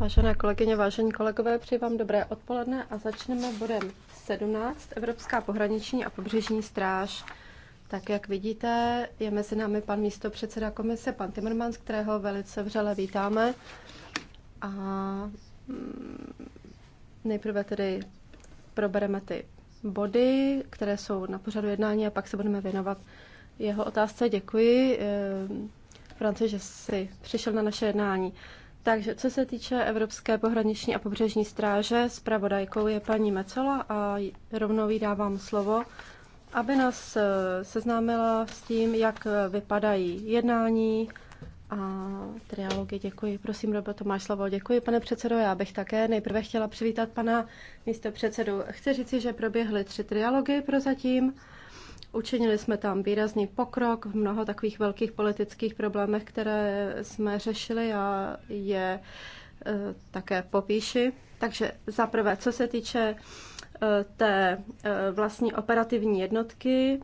Vážené kolegyně, vážení kolegové, přeji vám dobré odpoledne a začneme bodem 17, Evropská pohraniční a pobřežní stráž. Tak jak vidíte, je mezi námi pan místo předseda komise, pan Timmermans, kterého velice vřele vítáme. A mm, nejprve tedy probereme ty body, které jsou na pořadu jednání a pak se budeme věnovat jeho otázce. Děkuji, eh, Franci, že jsi přišel na naše jednání. Takže co se týče Evropské pohraniční a pobřežní stráže, zpravodajkou je paní Mecola a rovnou jí dávám slovo, aby nás eh, seznámila s tím, jak eh, vypadají jednání a triálogy. Děkuji. Prosím, to máš slovo. Děkuji, pane předsedo. Já bych také nejprve chtěla přivítat pana místo předsedu. Chci říci, že proběhly tři triálogy prozatím. zatím. Učinili jsme tam výrazný pokrok v mnoho takových velkých politických problémech, které jsme řešili a je e, také popíši. Takže za prvé, co se týče e, té e, vlastní operativní jednotky,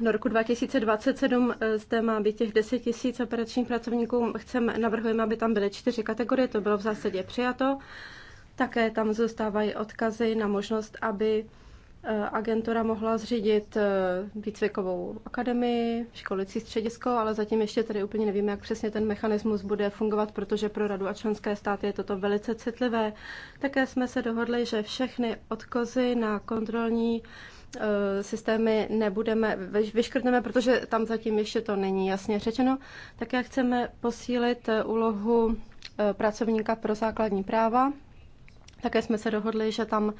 do roku 2027 zde má být těch 10 tisíc operačních pracovníků. Chceme, navrhujeme, aby tam byly čtyři kategorie, to bylo v zásadě přijato. Také tam zůstávají odkazy na možnost, aby Eh, agentura mohla zřídit eh, výcvikovou akademii, školicí středisko, ale zatím ještě tady úplně nevíme, jak přesně ten mechanismus bude fungovat, protože pro radu a členské státy je toto velice citlivé. Také jsme se dohodli, že všechny odkozy na kontrolní eh, systémy nebudeme, vyškrtneme, protože tam zatím ještě to není jasně řečeno. Také chceme posílit úlohu pracovníka pro základní práva. Také jsme se dohodli, že tam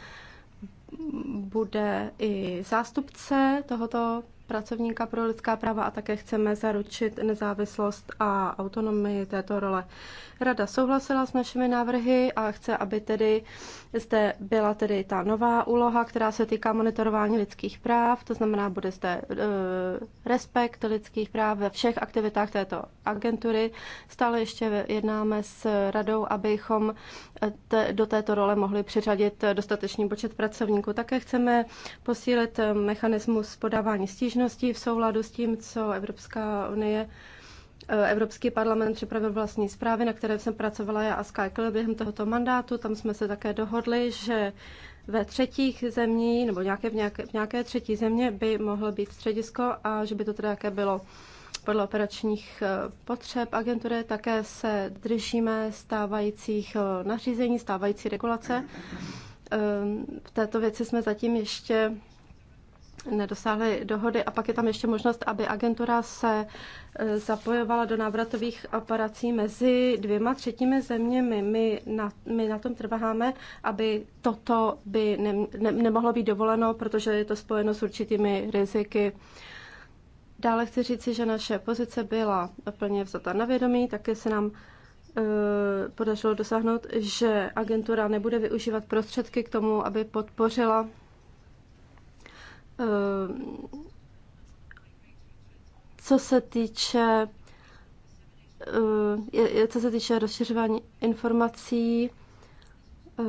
bude i zástupce tohoto pracovníka pro lidská práva a také chceme zaručit nezávislost a autonomii této role. Rada souhlasila s našimi návrhy a chce, aby tedy zde byla tedy ta nová úloha, která se týká monitorování lidských práv, to znamená, bude zde e, respekt lidských práv ve všech aktivitách této agentury. Stále ještě jednáme s radou, abychom do této role mohli přiřadit dostatečný počet pracovníků. Také chceme posílit mechanismus podávání stížností možností v souladu s tím, co Evropská unie eh, Evropský parlament připravil vlastní zprávy, na které jsem pracovala já a Skykel během tohoto mandátu. Tam jsme se také dohodli, že ve třetích zemí nebo nějaké, v, nějaké, v nějaké třetí země by mohlo být středisko a že by to tedy také bylo podle operačních eh, potřeb agentury. Také se držíme stávajících eh, nařízení, stávající regulace. Ehm, v této věci jsme zatím ještě nedosáhly dohody. A pak je tam ještě možnost, aby agentura se e, zapojovala do návratových operací mezi dvěma třetími zeměmi. My na, my na tom trváme, aby toto by ne, ne, nemohlo být dovoleno, protože je to spojeno s určitými riziky. Dále chci říci, že naše pozice byla plně vzata na vědomí, taky se nám e, podařilo dosáhnout, že agentura nebude využívat prostředky k tomu, aby podpořila Eh, co se týče eh, co se týče rozšiřování informací, eh,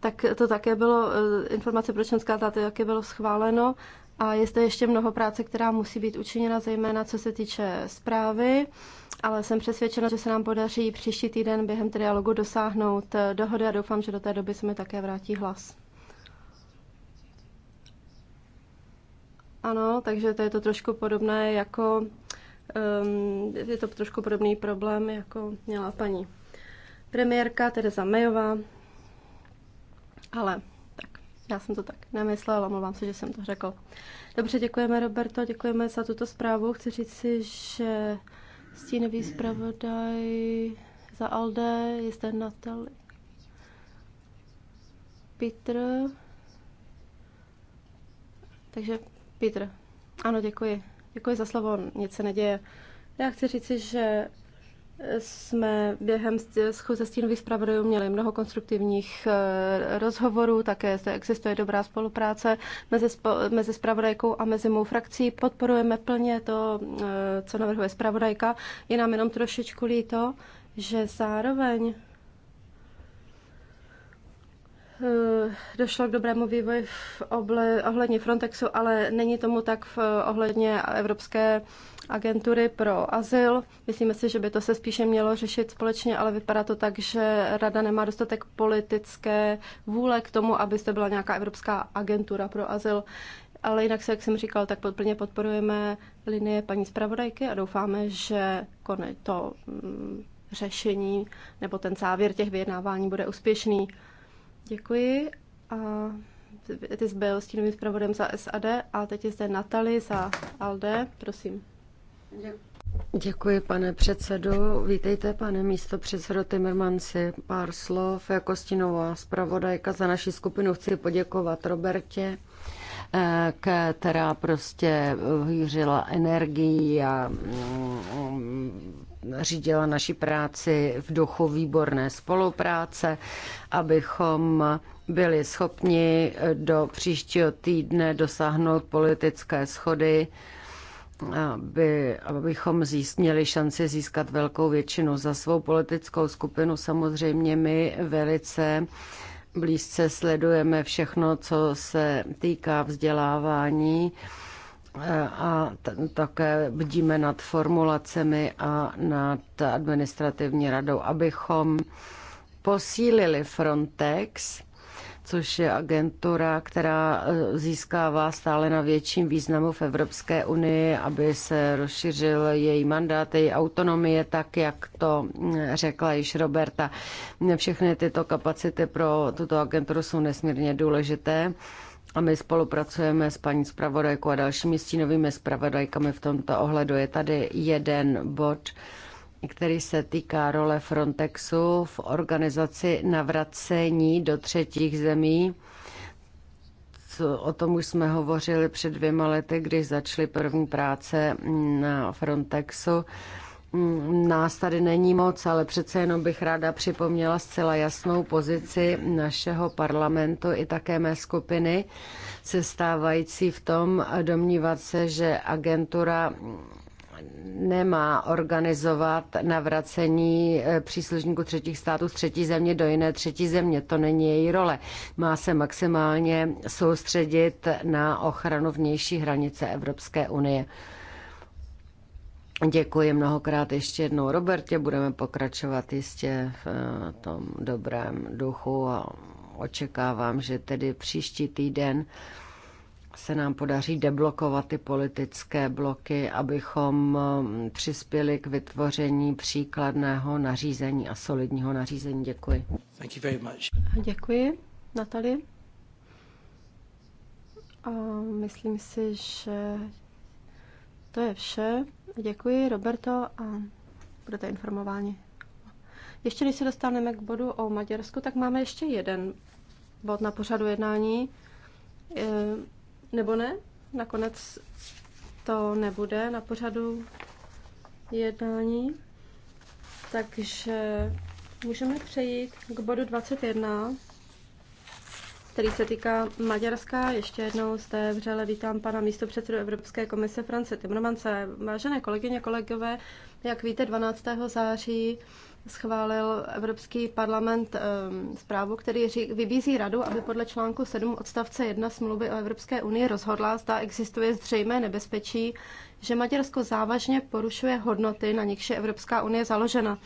tak to také bylo, informace pro členská státy také bylo schváleno a je zde ještě mnoho práce, která musí být učiněna, zejména co se týče zprávy, ale jsem přesvědčena, že se nám podaří příští týden během trialogu dosáhnout dohody a doufám, že do té doby se mi také vrátí hlas. Ano, takže to je to trošku podobné jako, um, je to trošku podobný problém, jako měla paní premiérka Tereza Mayová, ale tak, já jsem to tak nemyslela, omlouvám se, že jsem to řekl. Dobře, děkujeme Roberto, děkujeme za tuto zprávu. Chci říct si, že stínový zpravodaj za Alde je zde Natal Petr. Takže Petr. Ano, děkuji. Děkuji za slovo, nic se neděje. Já chci říci, že jsme během schůze stínových zpravodajů měli mnoho konstruktivních eh, rozhovorů, také zde existuje dobrá spolupráce mezi, mezi zpravodajkou a mezi mou frakcí. Podporujeme plně to, eh, co navrhuje zpravodajka. Je nám jenom trošičku líto, že zároveň Eh, došlo k dobrému vývoji v oble, ohledně Frontexu, ale není tomu tak v eh, ohledně Evropské agentury pro azyl. Myslíme si, že by to se spíše mělo řešit společně, ale vypadá to tak, že rada nemá dostatek politické vůle k tomu, aby to byla nějaká Evropská agentura pro azyl. Ale jinak se, jak jsem říkal, tak plně podporujeme linie paní zpravodajky a doufáme, že konec to mm, řešení nebo ten závěr těch vyjednávání bude úspěšný. Děkuji. A ty jsi byl stínovým zpravodem za SAD a teď je zde Natali za ALDE. Prosím. Děkuji, pane předsedo. Vítejte, pane místo předsedo Timmermansi. Pár slov jako stínová zpravodajka za naši skupinu. Chci poděkovat Robertě, eh, která prostě hýřila energii a mm, mm, řídila naši práci v duchu výborné spolupráce, abychom byli schopni do příštího týdne dosáhnout politické schody, aby, abychom získ, měli šanci získat velkou většinu za svou politickou skupinu. Samozřejmě my velice blízce sledujeme všechno, co se týká vzdělávání a také bdíme nad formulacemi a nad administrativní radou, abychom posílili Frontex, což je agentura, která e, získává stále na větším významu v Evropské unii, aby se rozšířil její mandát, její autonomie, tak jak to mm, řekla již Roberta. Všechny tyto kapacity pro tuto agenturu jsou nesmírně důležité a my spolupracujeme s paní zpravodajkou a dalšími stínovými zpravodajkami v tomto ohledu. Je tady jeden bod, který se týká role Frontexu v organizaci navracení do třetích zemí. o tom už jsme hovořili před dvěma lety, když začaly první práce na Frontexu. Mm, nás tady není moc, ale přece jenom bych ráda připomněla zcela jasnou pozici našeho parlamentu i také mé skupiny, se stávající v tom domnívat se, že agentura nemá organizovat navracení eh, příslušníků třetích států z třetí země do jiné třetí země. To není její role. Má se maximálně soustředit na ochranu vnější hranice Evropské unie. Děkuji mnohokrát ještě jednou Robertě, budeme pokračovat jistě v eh, tom dobrém duchu a očekávám, že tedy příští týden se nám podaří deblokovat ty politické bloky, abychom eh, přispěli k vytvoření příkladného nařízení a solidního nařízení. Děkuji. Thank you very much. Děkuji, Natalie. A myslím si, že to je vše. Děkuji, Roberto, a budete informováni. Ještě než se dostaneme k bodu o Maďarsku, tak máme ještě jeden bod na pořadu jednání. E, nebo ne? Nakonec to nebude na pořadu jednání. Takže můžeme přejít k bodu 21 který se týká Maďarska. Ještě jednou zde vřele vítám pana místopředsedu Evropské komise France Timmermanse. Vážené kolegyně, kolegové, jak víte, 12. září schválil Evropský parlament ehm, zprávu, který řík, vybízí radu, aby podle článku 7 odstavce 1 smlouvy o Evropské unii rozhodla, zda existuje zřejmé nebezpečí, že Maďarsko závažně porušuje hodnoty, na nichž je Evropská unie založena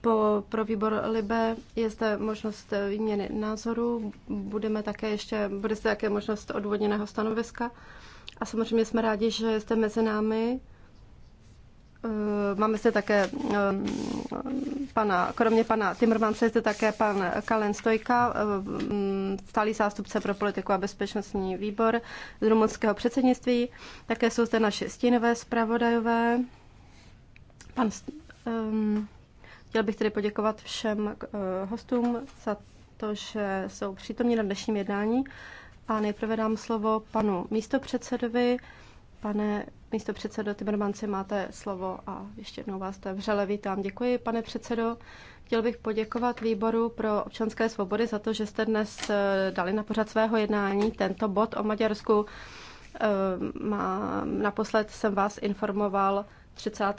po, pro výbor Libe je zde možnost výměny názoru, budeme také ještě, bude zde také možnost odvodněného stanoviska a samozřejmě jsme rádi, že jste mezi námi. Eh, máme zde také eh, pana, kromě pana Timmermanse, zde také pan Kalen Stojka, eh, mm, stálý zástupce pro politiku a bezpečnostní výbor z rumunského předsednictví. Také jsou zde naše stínové zpravodajové, pan um, Chtěl bych tedy poděkovat všem eh, hostům za to, že jsou přítomní na dnešním jednání. A nejprve dám slovo panu místopředsedovi. Pane místopředsedo Timmermanci, máte slovo a ještě jednou vás to vřele vítám. Děkuji, pane předsedo. Chtěl bych poděkovat výboru pro občanské svobody za to, že jste dnes eh, dali na pořad svého jednání tento bod o Maďarsku. Eh, naposled jsem vás informoval 30.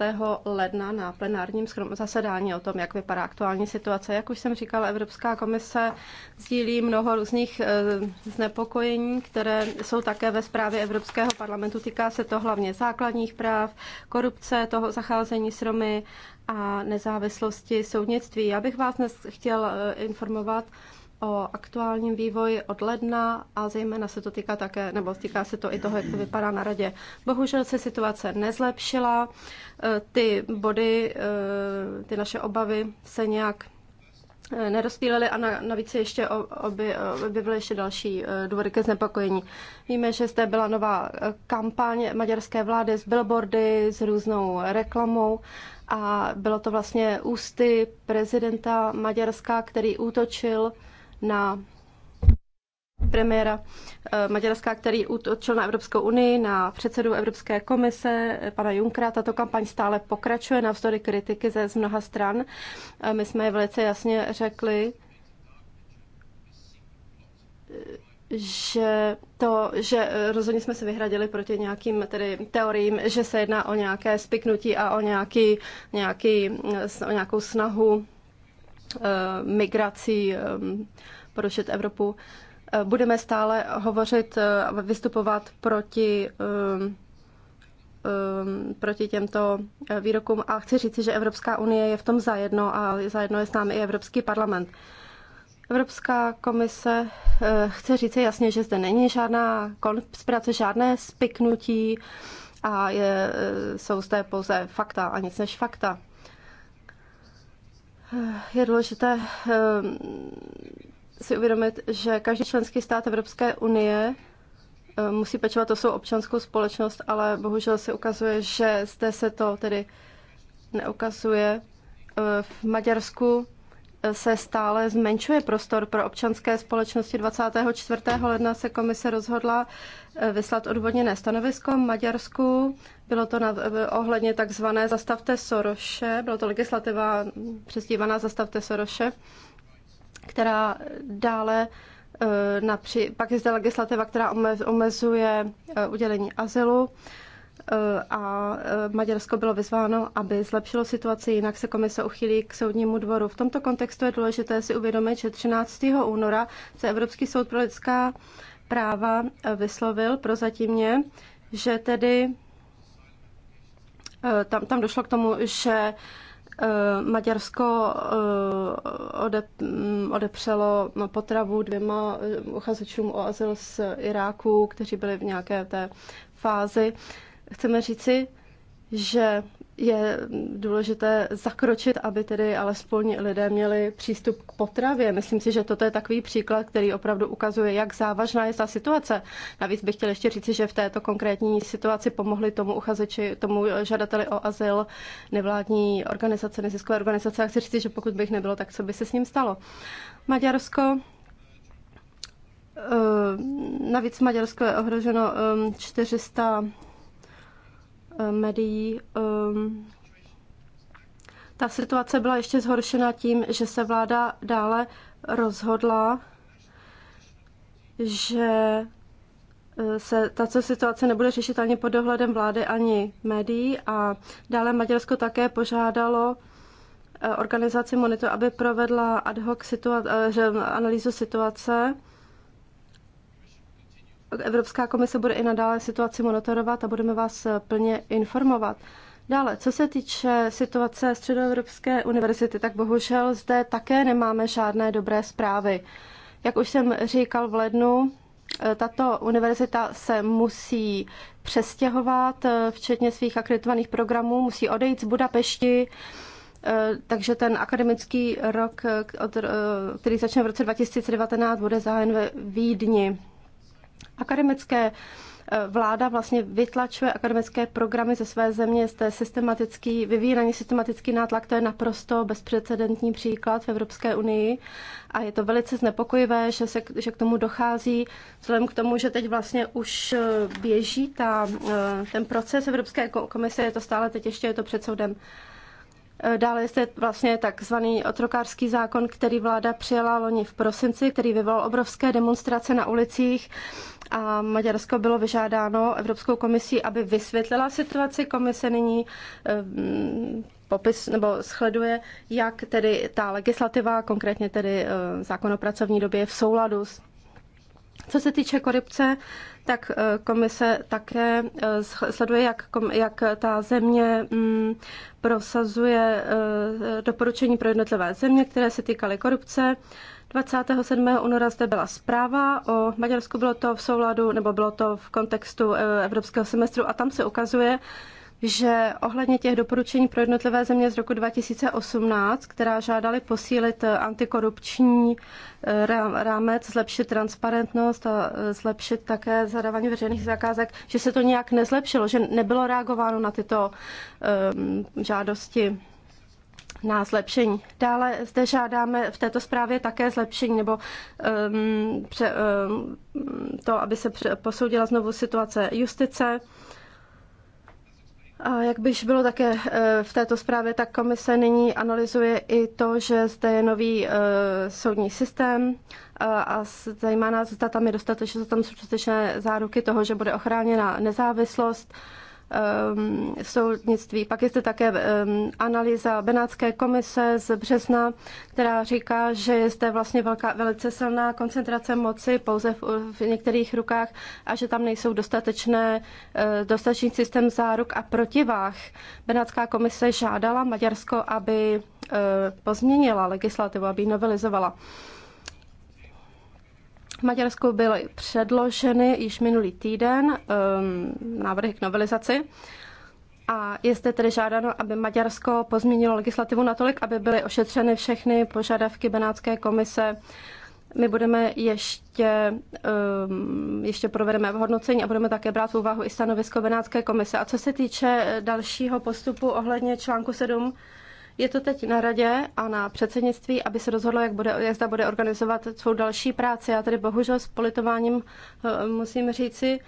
ledna na plenárním zasedání o tom, jak vypadá aktuální situace. Jak už jsem říkala, Evropská komise sdílí mnoho různých eh, znepokojení, které jsou také ve zprávě Evropského parlamentu. Týká se to hlavně základních práv, korupce, toho zacházení s Romy a nezávislosti soudnictví. Já bych vás dnes chtěl eh, informovat o aktuálním vývoji od ledna a zejména se to týká také, nebo týká se to i toho, jak to vypadá na radě. Bohužel se situace nezlepšila, e, ty body, e, ty naše obavy se nějak e, nerozpílely a navíc ještě objevily ještě další důvody ke znepokojení. Víme, že zde byla nová kampaň maďarské vlády s billboardy, s různou reklamou a bylo to vlastně ústy prezidenta Maďarska, který útočil na premiéra eh, Maďarska, který útočil na Evropskou unii, na předsedu Evropské komise, eh, pana Junkra. Tato kampaň stále pokračuje navzdory kritiky ze z mnoha stran. Eh, my jsme je velice jasně řekli, že to, že rozhodně jsme se vyhradili proti nějakým tedy teoriím, že se jedná o nějaké spiknutí a o, nějaký, nějaký, o nějakou snahu Eh, migrací eh, porušit Evropu. Eh, budeme stále hovořit a vystupovat proti proti těmto výrokům a chci říci, že Evropská unie je v tom zajedno a zajedno je s námi i Evropský parlament. Evropská komise chce říct jasně, že zde není žádná konspirace, žádné spiknutí a je, jsou zde pouze fakta a nic než fakta je důležité eh, si uvědomit, že každý členský stát Evropské unie eh, musí pečovat o svou občanskou společnost, ale bohužel se ukazuje, že zde se to tedy neukazuje. Eh, v Maďarsku se stále zmenšuje prostor pro občanské společnosti. 24. ledna se komise rozhodla eh, vyslat odvodněné stanovisko Maďarsku. Bylo to na, eh, ohledně takzvané Zastavte Soroše, bylo to legislativa hm, přezdívaná Zastavte Soroše, která dále eh, napří, pak je zde legislativa, která omezuje udělení azylu. Eh, a eh, Maďarsko bylo vyzváno, aby zlepšilo situaci, jinak se komise uchylí k soudnímu dvoru. V tomto kontextu je důležité si uvědomit, že 13. února se Evropský soud pro lidská práva eh, vyslovil prozatímně, že tedy tam, tam došlo k tomu, že Maďarsko mm, odepřelo potravu dvěma uchazečům o azyl z Iráku, kteří byli v nějaké té fázi chceme říci, že je důležité zakročit, aby tedy alespoň lidé měli přístup k potravě. Myslím si, že toto je takový příklad, který opravdu ukazuje, jak závažná je ta situace. Navíc bych chtěl ještě říci, že v této konkrétní situaci pomohli tomu uchazeči, tomu žadateli o azyl nevládní organizace, neziskové organizace. A chci říci, že pokud bych nebylo, tak co by se s ním stalo? Maďarsko eh, Navíc Maďarsko je ohroženo 400 eh, Eh, médií. Ehm, ta situace byla ještě zhoršena tím, že se vláda dále rozhodla, že eh, se tato situace nebude řešit ani pod dohledem vlády, ani médií. A dále Maďarsko také požádalo eh, organizaci Monitor, aby provedla ad hoc situa- analýzu situace Evropská komise bude i nadále situaci monitorovat a budeme vás eh, plně informovat. Dále, co se týče situace Středoevropské univerzity, tak bohužel zde také nemáme žádné dobré zprávy. Jak už jsem říkal v lednu, eh, tato univerzita se musí přestěhovat, eh, včetně svých akreditovaných programů, musí odejít z Budapešti, takže ten akademický rok, který začne v roce 2019, bude zahájen ve Vídni akademické eh, vláda vlastně vytlačuje akademické programy ze své země, z té systematický, vyvíjí systematický nátlak, to je naprosto bezprecedentní příklad v Evropské unii a je to velice znepokojivé, že, se, že k tomu dochází, vzhledem k tomu, že teď vlastně už eh, běží ta, eh, ten proces Evropské komise, je to stále teď ještě, je to před soudem. Eh, dále je zde vlastně takzvaný otrokářský zákon, který vláda přijala loni v prosinci, který vyvolal obrovské demonstrace na ulicích a Maďarsko bylo vyžádáno Evropskou komisí, aby vysvětlila situaci. Komise nyní eh, popis nebo shleduje, jak tedy ta legislativa, konkrétně tedy eh, zákon o pracovní době je v souladu s co se týče korupce, tak eh, komise také eh, sleduje, jak, jak ta země mm, prosazuje eh, doporučení pro jednotlivé země, které se týkaly korupce. 27. února zde byla zpráva o Maďarsku, bylo to v souladu, nebo bylo to v kontextu evropského semestru a tam se ukazuje, že ohledně těch doporučení pro jednotlivé země z roku 2018, která žádali posílit eh, antikorupční eh, rámec, zlepšit transparentnost a eh, zlepšit také zadávání veřejných zakázek, že se to nějak nezlepšilo, že nebylo reagováno na tyto ehm, žádosti na zlepšení. Dále zde žádáme v této zprávě také zlepšení nebo um, pře, um, to, aby se posoudila znovu situace justice. A jak byž bylo také eh, v této zprávě, tak komise nyní analyzuje i to, že zde je nový eh, soudní systém eh, a zajímá nás, zda tam je dostatečně, tam jsou dostatečné záruky toho, že bude ochráněna nezávislost um, soudnictví. Pak je zde také um, analýza Benátské komise z března, která říká, že je zde vlastně velká, velice silná koncentrace moci pouze v, v některých rukách a že tam nejsou dostatečné, uh, dostatečný systém záruk a protivách. Benátská komise žádala Maďarsko, aby uh, pozměnila legislativu, aby ji novelizovala. V Maďarsku byly předloženy již minulý týden um, návrhy k novelizaci a je zde tedy žádáno, aby Maďarsko pozměnilo legislativu natolik, aby byly ošetřeny všechny požadavky Benátské komise. My budeme ještě, um, ještě provedeme hodnocení a budeme také brát v úvahu i stanovisko Benátské komise. A co se týče dalšího postupu ohledně článku 7, je to teď na radě a na předsednictví, aby se rozhodlo, jak bude, jak zda bude organizovat svou další práci. Já tady bohužel s politováním eh, musím říci,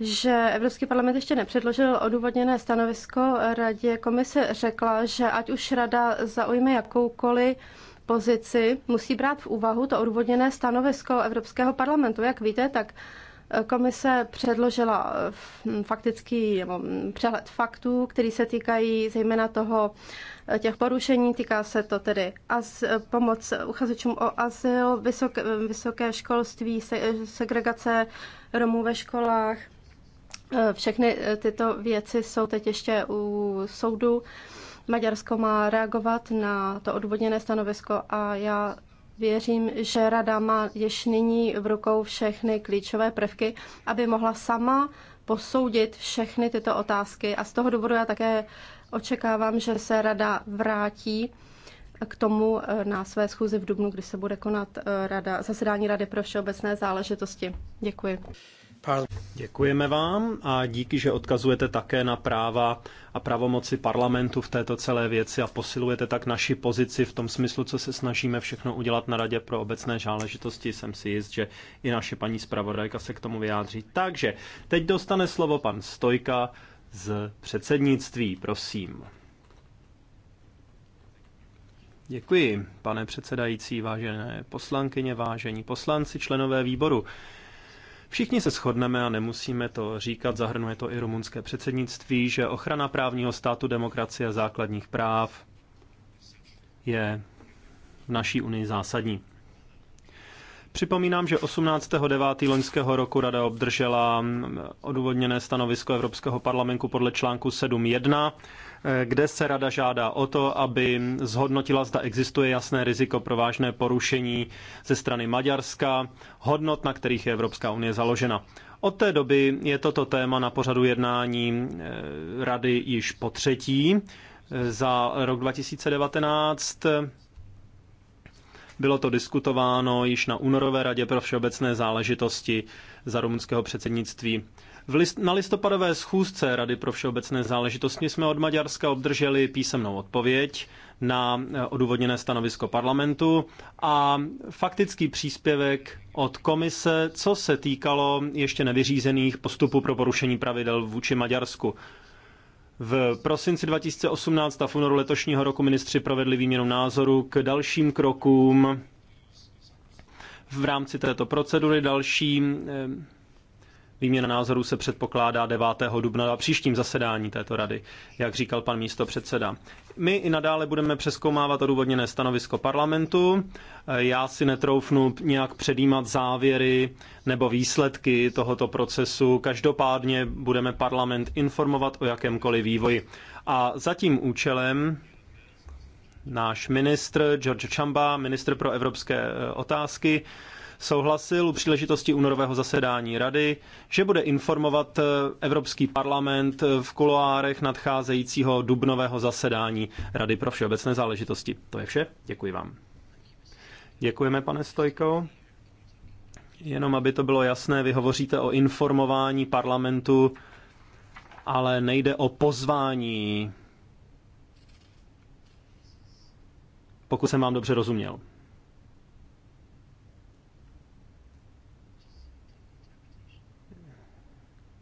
že Evropský parlament ještě nepředložil odůvodněné stanovisko radě. Komise řekla, že ať už rada zaujme jakoukoliv pozici, musí brát v úvahu to odůvodněné stanovisko Evropského parlamentu. Jak víte, tak eh, Komise předložila eh, faktický mm, přehled faktů, který se týkají zejména toho těch porušení. Týká se to tedy az, pomoc uchazečům o azyl, vysok, vysoké školství, se, segregace Romů ve školách. Všechny tyto věci jsou teď ještě u soudu. Maďarsko má reagovat na to odvodněné stanovisko a já věřím, že Rada má již nyní v rukou všechny klíčové prvky, aby mohla sama posoudit všechny tyto otázky. A z toho důvodu já také Očekávám, že se rada vrátí k tomu eh, na své schůzi v Dubnu, kdy se bude konat eh, rada, zasedání Rady pro všeobecné záležitosti. Děkuji. Děkujeme vám a díky, že odkazujete také na práva a pravomoci parlamentu v této celé věci a posilujete tak naši pozici v tom smyslu, co se snažíme všechno udělat na Radě pro obecné záležitosti. Jsem si jist, že i naše paní zpravodajka se k tomu vyjádří. Takže teď dostane slovo pan Stojka z předsednictví, prosím. Děkuji, pane předsedající, vážené poslankyně, vážení poslanci, členové výboru. Všichni se shodneme a nemusíme to říkat, zahrnuje to i rumunské předsednictví, že ochrana právního státu, demokracie a základních práv je v naší unii zásadní. Připomínám, že 18.9. loňského roku Rada obdržela mm, odůvodněné stanovisko Evropského parlamentu podle článku 7.1 eh, kde se rada žádá o to, aby zhodnotila, zda existuje jasné riziko pro vážné porušení ze strany Maďarska, hodnot, na kterých je Evropská unie založena. Od té doby je toto téma na pořadu jednání eh, rady již po třetí. Eh, za rok 2019 bylo to diskutováno již na únorové radě pro všeobecné záležitosti za rumunského předsednictví. V list, na listopadové schůzce Rady pro všeobecné záležitosti jsme od Maďarska obdrželi písemnou odpověď na eh, odůvodněné stanovisko parlamentu a faktický příspěvek od komise, co se týkalo ještě nevyřízených postupů pro porušení pravidel vůči Maďarsku. V prosinci 2018 a v únoru letošního roku ministři provedli výměnu názoru k dalším krokům v rámci této procedury. Další eh, Výměna názorů se předpokládá 9. dubna na příštím zasedání této rady, jak říkal pan místo předseda. My i nadále budeme přeskoumávat odůvodněné stanovisko parlamentu. Já si netroufnu nějak předjímat závěry nebo výsledky tohoto procesu. Každopádně budeme parlament informovat o jakémkoliv vývoji. A za tím účelem náš ministr George Chamba, ministr pro evropské eh, otázky, souhlasil u příležitosti únorového zasedání Rady, že bude informovat eh, Evropský parlament eh, v kuloárech nadcházejícího dubnového zasedání Rady pro všeobecné záležitosti. To je vše, děkuji vám. Děkujeme, pane Stojko. Jenom aby to bylo jasné, vy hovoříte o informování parlamentu, ale nejde o pozvání pokud jsem vám dobře rozuměl.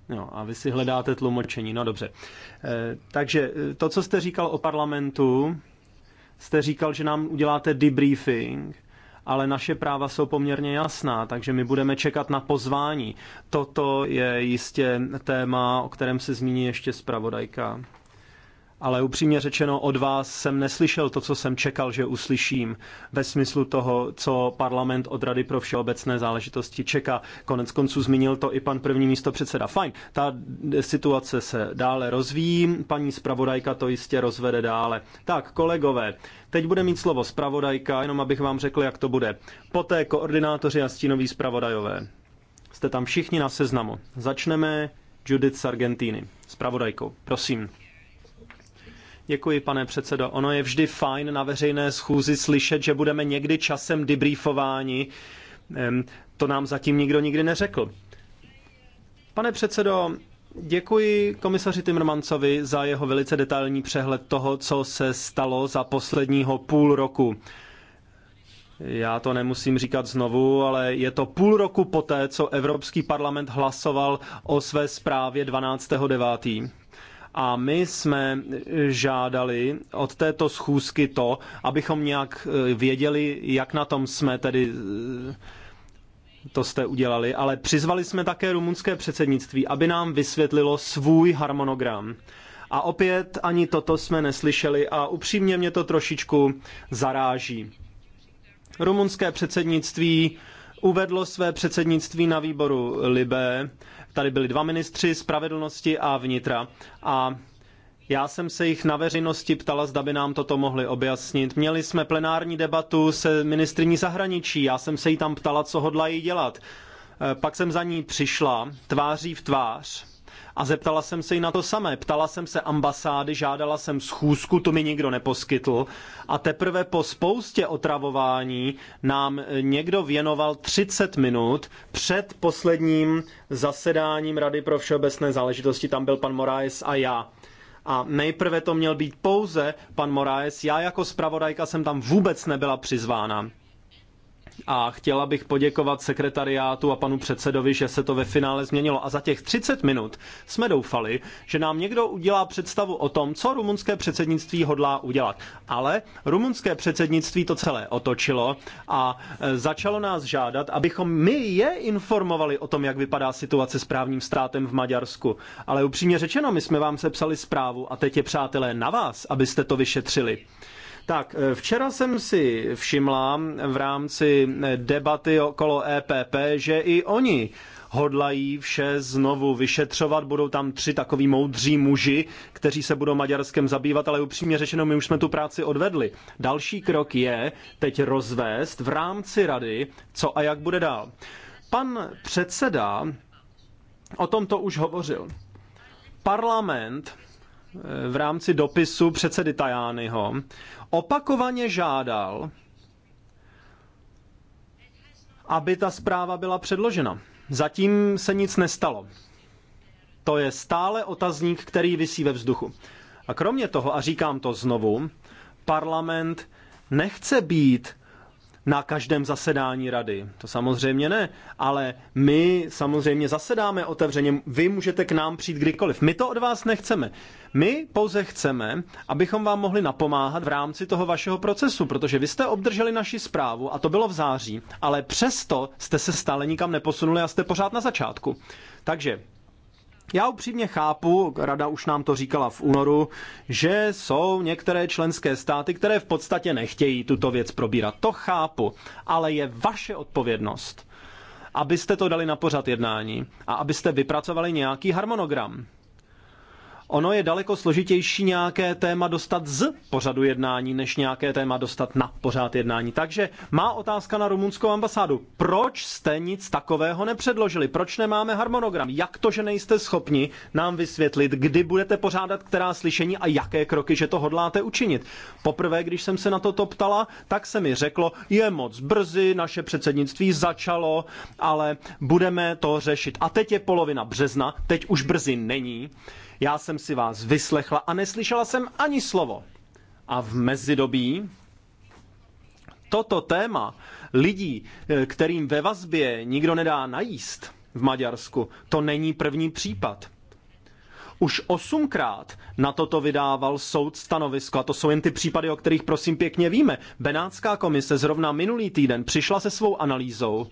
No a vy si hledáte tlumočení, no dobře. Eh, takže eh, to, co jste říkal o parlamentu, jste říkal, že nám uděláte debriefing, ale naše práva jsou poměrně jasná, takže my budeme čekat na pozvání. Toto je jistě téma, o kterém se zmíní ještě zpravodajka ale upřímně řečeno od vás jsem neslyšel to, co jsem čekal, že uslyším, ve smyslu toho, co parlament od Rady pro všeobecné záležitosti čeká. Konec konců zmínil to i pan první místo předseda. Fajn, ta situace se dále rozvíjí, paní zpravodajka to jistě rozvede dále. Tak, kolegové, teď bude mít slovo zpravodajka, jenom abych vám řekl, jak to bude. Poté koordinátoři a stínoví zpravodajové. Jste tam všichni na seznamu. Začneme Judith z Argentiny. Spravodajkou, prosím. Děkuji, pane předsedo. Ono je vždy fajn na veřejné schůzi slyšet, že budeme někdy časem debriefováni. To nám zatím nikdo nikdy neřekl. Pane předsedo, děkuji komisaři Timmermansovi za jeho velice detailní přehled toho, co se stalo za posledního půl roku. Já to nemusím říkat znovu, ale je to půl roku poté, co Evropský parlament hlasoval o své zprávě 9 a my jsme eh, žádali od této schůzky to, abychom nějak eh, věděli, jak na tom jsme tedy eh, to jste udělali, ale přizvali jsme také rumunské předsednictví, aby nám vysvětlilo svůj harmonogram. A opět ani toto jsme neslyšeli a upřímně mě to trošičku zaráží. Rumunské předsednictví uvedlo své předsednictví na výboru Libé. Tady byli dva ministři spravedlnosti a vnitra. A já jsem se jich na veřejnosti ptala, zda by nám toto mohli objasnit. Měli jsme plenární debatu se ministriní zahraničí, já jsem se jí tam ptala, co hodlají dělat. E, pak jsem za ní přišla, tváří v tvář, a zeptala jsem se i na to samé. Ptala jsem se ambasády, žádala jsem schůzku, to mi nikdo neposkytl. A teprve po spoustě otravování nám eh, někdo věnoval 30 minut před posledním zasedáním Rady pro všeobecné záležitosti. Tam byl pan Moraes a já. A nejprve to měl být pouze pan Moraes. Já jako zpravodajka jsem tam vůbec nebyla přizvána a chtěla bych poděkovat sekretariátu a panu předsedovi, že se to ve finále změnilo. A za těch 30 minut jsme doufali, že nám někdo udělá představu o tom, co rumunské předsednictví hodlá udělat. Ale rumunské předsednictví to celé otočilo a e, začalo nás žádat, abychom my je informovali o tom, jak vypadá situace s právním státem v Maďarsku. Ale upřímně řečeno, my jsme vám sepsali zprávu a teď je přátelé na vás, abyste to vyšetřili. Tak, eh, včera jsem si všimla v rámci eh, debaty okolo EPP, že i oni hodlají vše znovu vyšetřovat. Budou tam tři takový moudří muži, kteří se budou Maďarskem zabývat, ale upřímně řečeno, my už jsme tu práci odvedli. Další krok je teď rozvést v rámci rady, co a jak bude dál. Pan předseda o tom to už hovořil. Parlament v rámci dopisu předsedy Tajányho opakovaně žádal, aby ta zpráva byla předložena. Zatím se nic nestalo. To je stále otazník, který vysí ve vzduchu. A kromě toho, a říkám to znovu, parlament nechce být na každém zasedání rady. To samozřejmě ne, ale my samozřejmě zasedáme otevřeně. Vy můžete k nám přijít kdykoliv. My to od vás nechceme. My pouze chceme, abychom vám mohli napomáhat v rámci toho vašeho procesu, protože vy jste obdrželi naši zprávu a to bylo v září, ale přesto jste se stále nikam neposunuli a jste pořád na začátku. Takže já upřímně chápu, rada už nám to říkala v únoru, že jsou některé členské státy, které v podstatě nechtějí tuto věc probírat. To chápu, ale je vaše odpovědnost, abyste to dali na pořad jednání a abyste vypracovali nějaký harmonogram. Ono je daleko složitější nějaké téma dostat z pořadu jednání, než nějaké téma dostat na pořád jednání. Takže má otázka na rumunskou ambasádu. Proč jste nic takového nepředložili? Proč nemáme harmonogram? Jak to, že nejste schopni nám vysvětlit, kdy budete pořádat která slyšení a jaké kroky, že to hodláte učinit? Poprvé, když jsem se na toto ptala, tak se mi řeklo, je moc brzy, naše předsednictví začalo, ale budeme to řešit. A teď je polovina března, teď už brzy není. Já jsem si vás vyslechla a neslyšela jsem ani slovo. A v mezidobí toto téma lidí, eh, kterým ve vazbě nikdo nedá najíst v Maďarsku, to není první případ. Už osmkrát na toto vydával soud stanovisko, a to jsou jen ty případy, o kterých prosím pěkně víme. Benátská komise zrovna minulý týden přišla se svou analýzou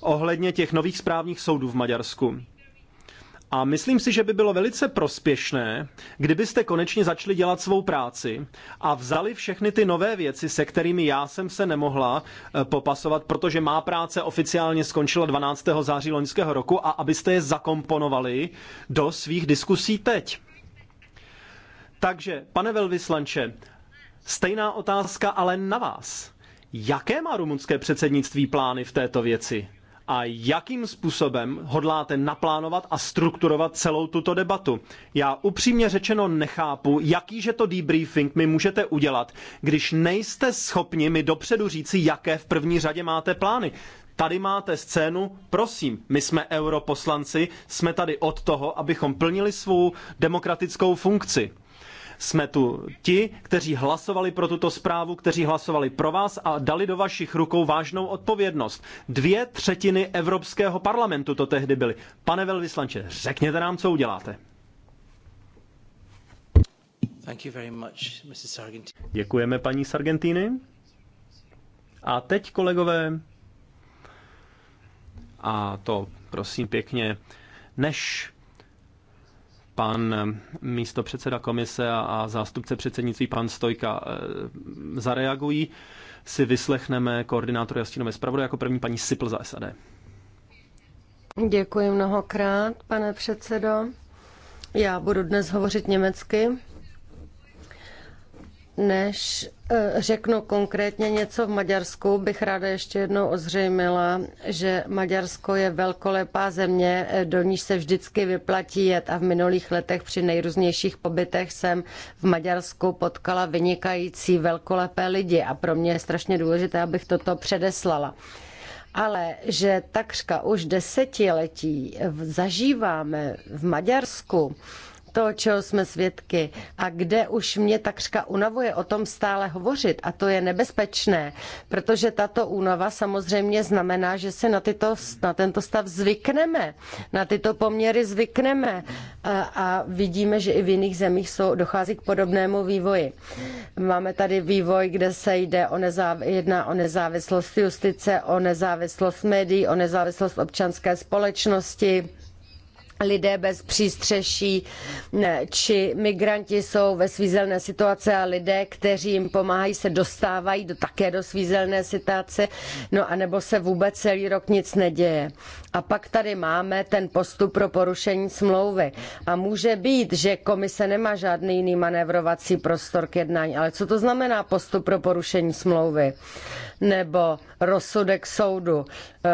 ohledně těch nových správních soudů v Maďarsku. A myslím si, že by bylo velice prospěšné, kdybyste konečně začali dělat svou práci a vzali všechny ty nové věci, se kterými já jsem se nemohla eh, popasovat, protože má práce oficiálně skončila 12. září loňského roku a abyste je zakomponovali do svých diskusí teď. Takže, pane velvyslanče, stejná otázka ale na vás. Jaké má rumunské předsednictví plány v této věci? a jakým způsobem hodláte naplánovat a strukturovat celou tuto debatu. Já upřímně řečeno nechápu, jaký že to debriefing mi můžete udělat, když nejste schopni mi dopředu říci, jaké v první řadě máte plány. Tady máte scénu, prosím, my jsme europoslanci, jsme tady od toho, abychom plnili svou demokratickou funkci. Jsme tu ti, kteří hlasovali pro tuto zprávu, kteří hlasovali pro vás a dali do vašich rukou vážnou odpovědnost. Dvě třetiny Evropského parlamentu to tehdy byly. Pane velvyslanče, řekněte nám, co uděláte. Děkujeme paní Sargentini. A teď, kolegové, a to prosím pěkně, než pan eh, místo předseda komise a zástupce předsednictví pan Stojka eh, zareagují, si vyslechneme koordinátor Jastinové zpravodaje jako první paní Sipl za SAD. Děkuji mnohokrát, pane předsedo. Já budu dnes hovořit německy. Než eh, řeknu konkrétně něco v Maďarsku, bych ráda ještě jednou ozřejmila, že Maďarsko je velkolepá země, eh, do níž se vždycky vyplatí jet a v minulých letech při nejrůznějších pobytech jsem v Maďarsku potkala vynikající velkolepé lidi a pro mě je strašně důležité, abych toto předeslala ale že takřka už desetiletí zažíváme v Maďarsku to čeho jsme svědky a kde už mě takřka unavuje o tom stále hovořit a to je nebezpečné, protože tato únava samozřejmě znamená, že se na, tyto, na tento stav zvykneme, na tyto poměry zvykneme a, a vidíme, že i v jiných zemích jsou, dochází k podobnému vývoji. Máme tady vývoj, kde se jde o nezáv, jedná o nezávislost justice, o nezávislost médií, o nezávislost občanské společnosti, lidé bez přístřeší či migranti jsou ve svízelné situaci a lidé, kteří jim pomáhají, se dostávají do, také do svízelné situace, no a nebo se vůbec celý rok nic neděje. A pak tady máme ten postup pro porušení smlouvy. A může být, že komise nemá žádný jiný manévrovací prostor k jednání. Ale co to znamená postup pro porušení smlouvy? nebo rozsudek soudu. Eh,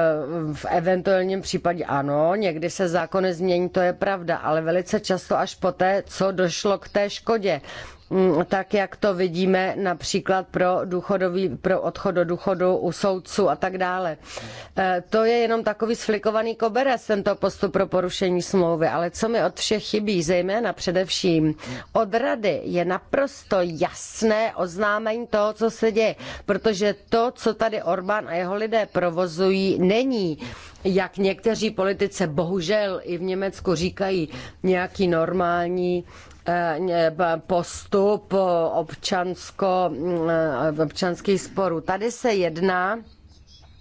v eventuálním případě ano, někdy se zákony změní, to je pravda, ale velice často až poté, co došlo k té škodě. Mm, tak jak to vidíme například pro, důchodový, pro odchod do důchodu u soudců a tak dále. E, to je jenom takový sflikovaný koberec, tento postup pro porušení smlouvy, ale co mi od všech chybí, zejména především od rady, je naprosto jasné oznámení toho, co se děje, protože to, co tady Orbán a jeho lidé provozují, není jak někteří politice bohužel i v Německu říkají, nějaký normální Eh, eh, postup občansko, mm, eh, občanských sporů. Tady se jedná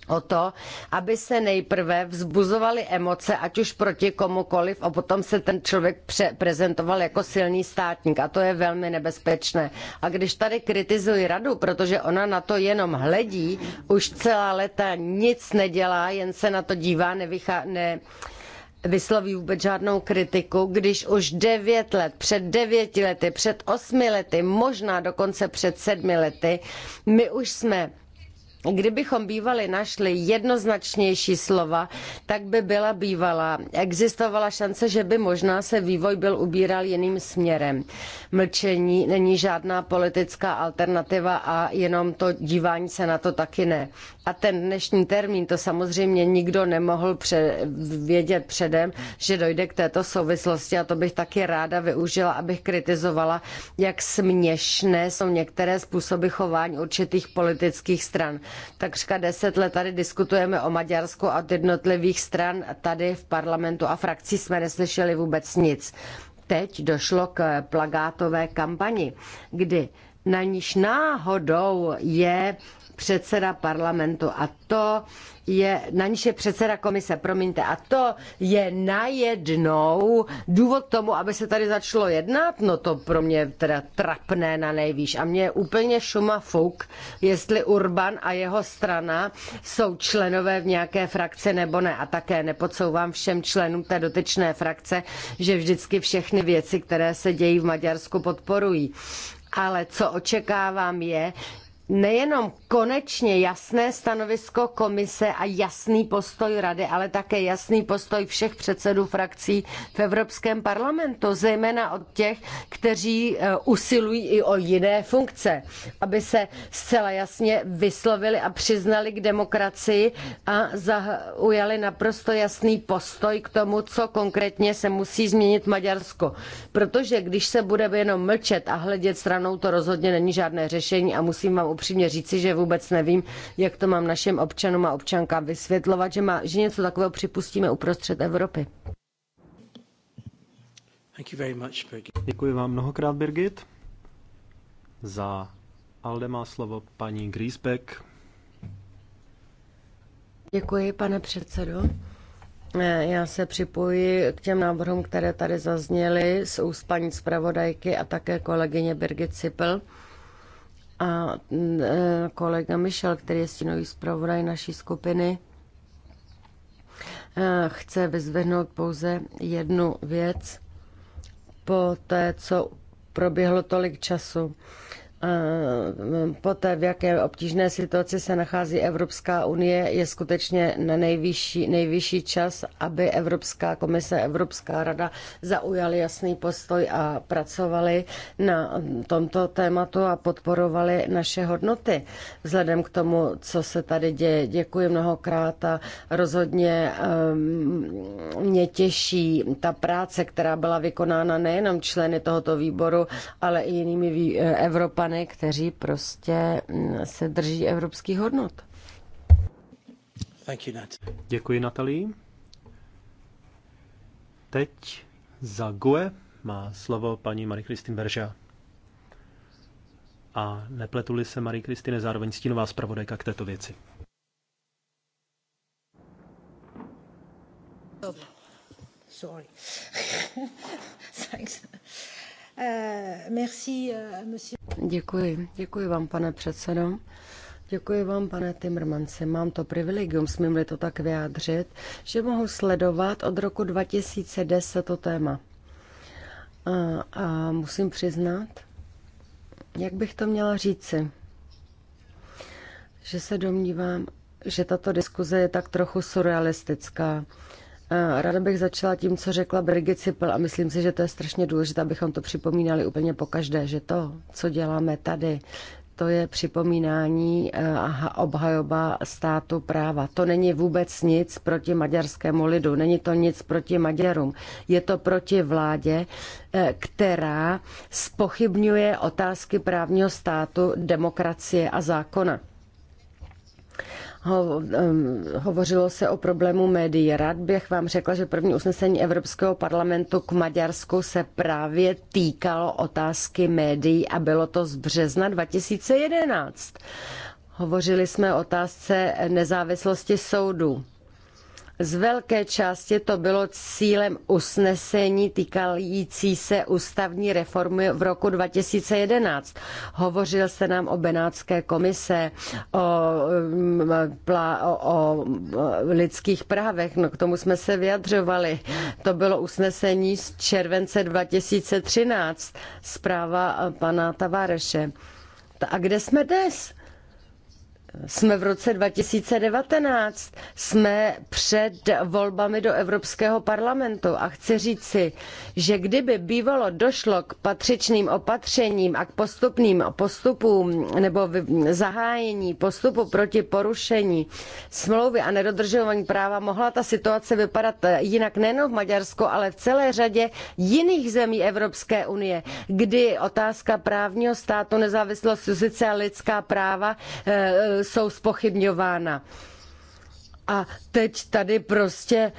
o to, aby se nejprve vzbuzovaly emoce, ať už proti komukoliv, a potom se ten člověk pře- prezentoval jako silný státník. A to je velmi nebezpečné. A když tady kritizuji radu, protože ona na to jenom hledí, už celá léta nic nedělá, jen se na to dívá, nevychá, ne, vysloví vůbec žádnou kritiku, když už devět let, před devěti lety, před osmi lety, možná dokonce před sedmi lety, my už jsme Kdybychom bývali našli jednoznačnější slova, tak by byla bývala. Existovala šance, že by možná se vývoj byl ubíral jiným směrem. Mlčení není žádná politická alternativa a jenom to dívání se na to taky ne. A ten dnešní termín, to samozřejmě nikdo nemohl před, vědět předem, že dojde k této souvislosti a to bych taky ráda využila, abych kritizovala, jak směšné jsou některé způsoby chování určitých politických stran takřka deset let tady diskutujeme o Maďarsku a od jednotlivých stran tady v parlamentu a frakcí jsme neslyšeli vůbec nic. Teď došlo k plagátové kampani, kdy na níž náhodou je předseda parlamentu a to je, na níž je předseda komise, promiňte, a to je najednou důvod k tomu, aby se tady začalo jednat, no to pro mě teda trapné na nejvýš a mě je úplně šuma fuk, jestli Urban a jeho strana jsou členové v nějaké frakci nebo ne a také nepodsouvám všem členům té dotyčné frakce, že vždycky všechny věci, které se dějí v Maďarsku, podporují. Ale co očekávám je, nejenom konečně jasné stanovisko komise a jasný postoj rady, ale také jasný postoj všech předsedů frakcí v Evropském parlamentu, zejména od těch, kteří eh, usilují i o jiné funkce, aby se zcela jasně vyslovili a přiznali k demokracii a zaujali naprosto jasný postoj k tomu, co konkrétně se musí změnit Maďarsko. Protože když se bude jenom mlčet a hledět stranou, to rozhodně není žádné řešení a musím vám upřímně říci, že vůbec nevím, jak to mám našem občanům a občankám vysvětlovat, že, má, že něco takového připustíme uprostřed Evropy. Much, Děkuji vám mnohokrát, Birgit. Za Alde má slovo paní Griesbeck. Děkuji, pane předsedo. Eh, já se připojuji k těm návrhům, které tady zazněly z úst paní zpravodajky a také kolegyně Birgit Cipel a e, kolega Michel, který je stínový zpravodaj naší skupiny, e, chce vyzvednout pouze jednu věc po té, co proběhlo tolik času. Eh, poté, v jaké obtížné situaci se nachází Evropská unie, je skutečně na nejvyšší, nejvyšší čas, aby Evropská komise, Evropská rada zaujali jasný postoj a pracovali na tomto tématu a podporovali naše hodnoty. Vzhledem k tomu, co se tady děje, děkuji mnohokrát a rozhodně ehm, mě těší ta práce, která byla vykonána nejenom členy tohoto výboru, ale i jinými Evropany občany, kteří prostě mm, se drží evropských hodnot. Thank you, Nat. Děkuji, Natalie. Teď za GUE má slovo paní marie Kristin Berža. A nepletuli se marie Kristine zároveň stínová zpravodajka k této věci. Sorry. Thanks. Eh, eh, děkuji, děkuji vám, pane předsedo. Děkuji vám, pane Timmermanse. Mám to privilegium, smím-li to tak vyjádřit, že mohu sledovat od roku 2010 to téma. A, a musím přiznat, jak bych to měla říci, že se domnívám, že tato diskuze je tak trochu surrealistická. Ráda bych začala tím, co řekla Brigitte Cipel a myslím si, že to je strašně důležité, abychom to připomínali úplně pokaždé, že to, co děláme tady, to je připomínání eh, a obhajoba státu práva. To není vůbec nic proti maďarskému lidu, není to nic proti Maďarům. Je to proti vládě, eh, která spochybňuje otázky právního státu, demokracie a zákona. Ho, hovořilo se o problému médií. Rád bych vám řekla, že první usnesení Evropského parlamentu k Maďarsku se právě týkalo otázky médií a bylo to z března 2011. Hovořili jsme o otázce nezávislosti soudu. Z velké části to bylo cílem usnesení týkající se ústavní reformy v roku 2011. Hovořil se nám o Benátské komise, o, mm, o, o lidských právech, no, k tomu jsme se vyjadřovali. To bylo usnesení z července 2013, zpráva pana Tavareše. A kde jsme dnes? jsme v roce 2019, jsme před volbami do Evropského parlamentu a chci říci, že kdyby bývalo došlo k patřičným opatřením a k postupným postupům nebo zahájení postupu proti porušení smlouvy a nedodržování práva, mohla ta situace vypadat jinak nejen v Maďarsku, ale v celé řadě jiných zemí Evropské unie, kdy otázka právního státu, nezávislosti justice a lidská práva eh, jsou spochybňována. A teď tady prostě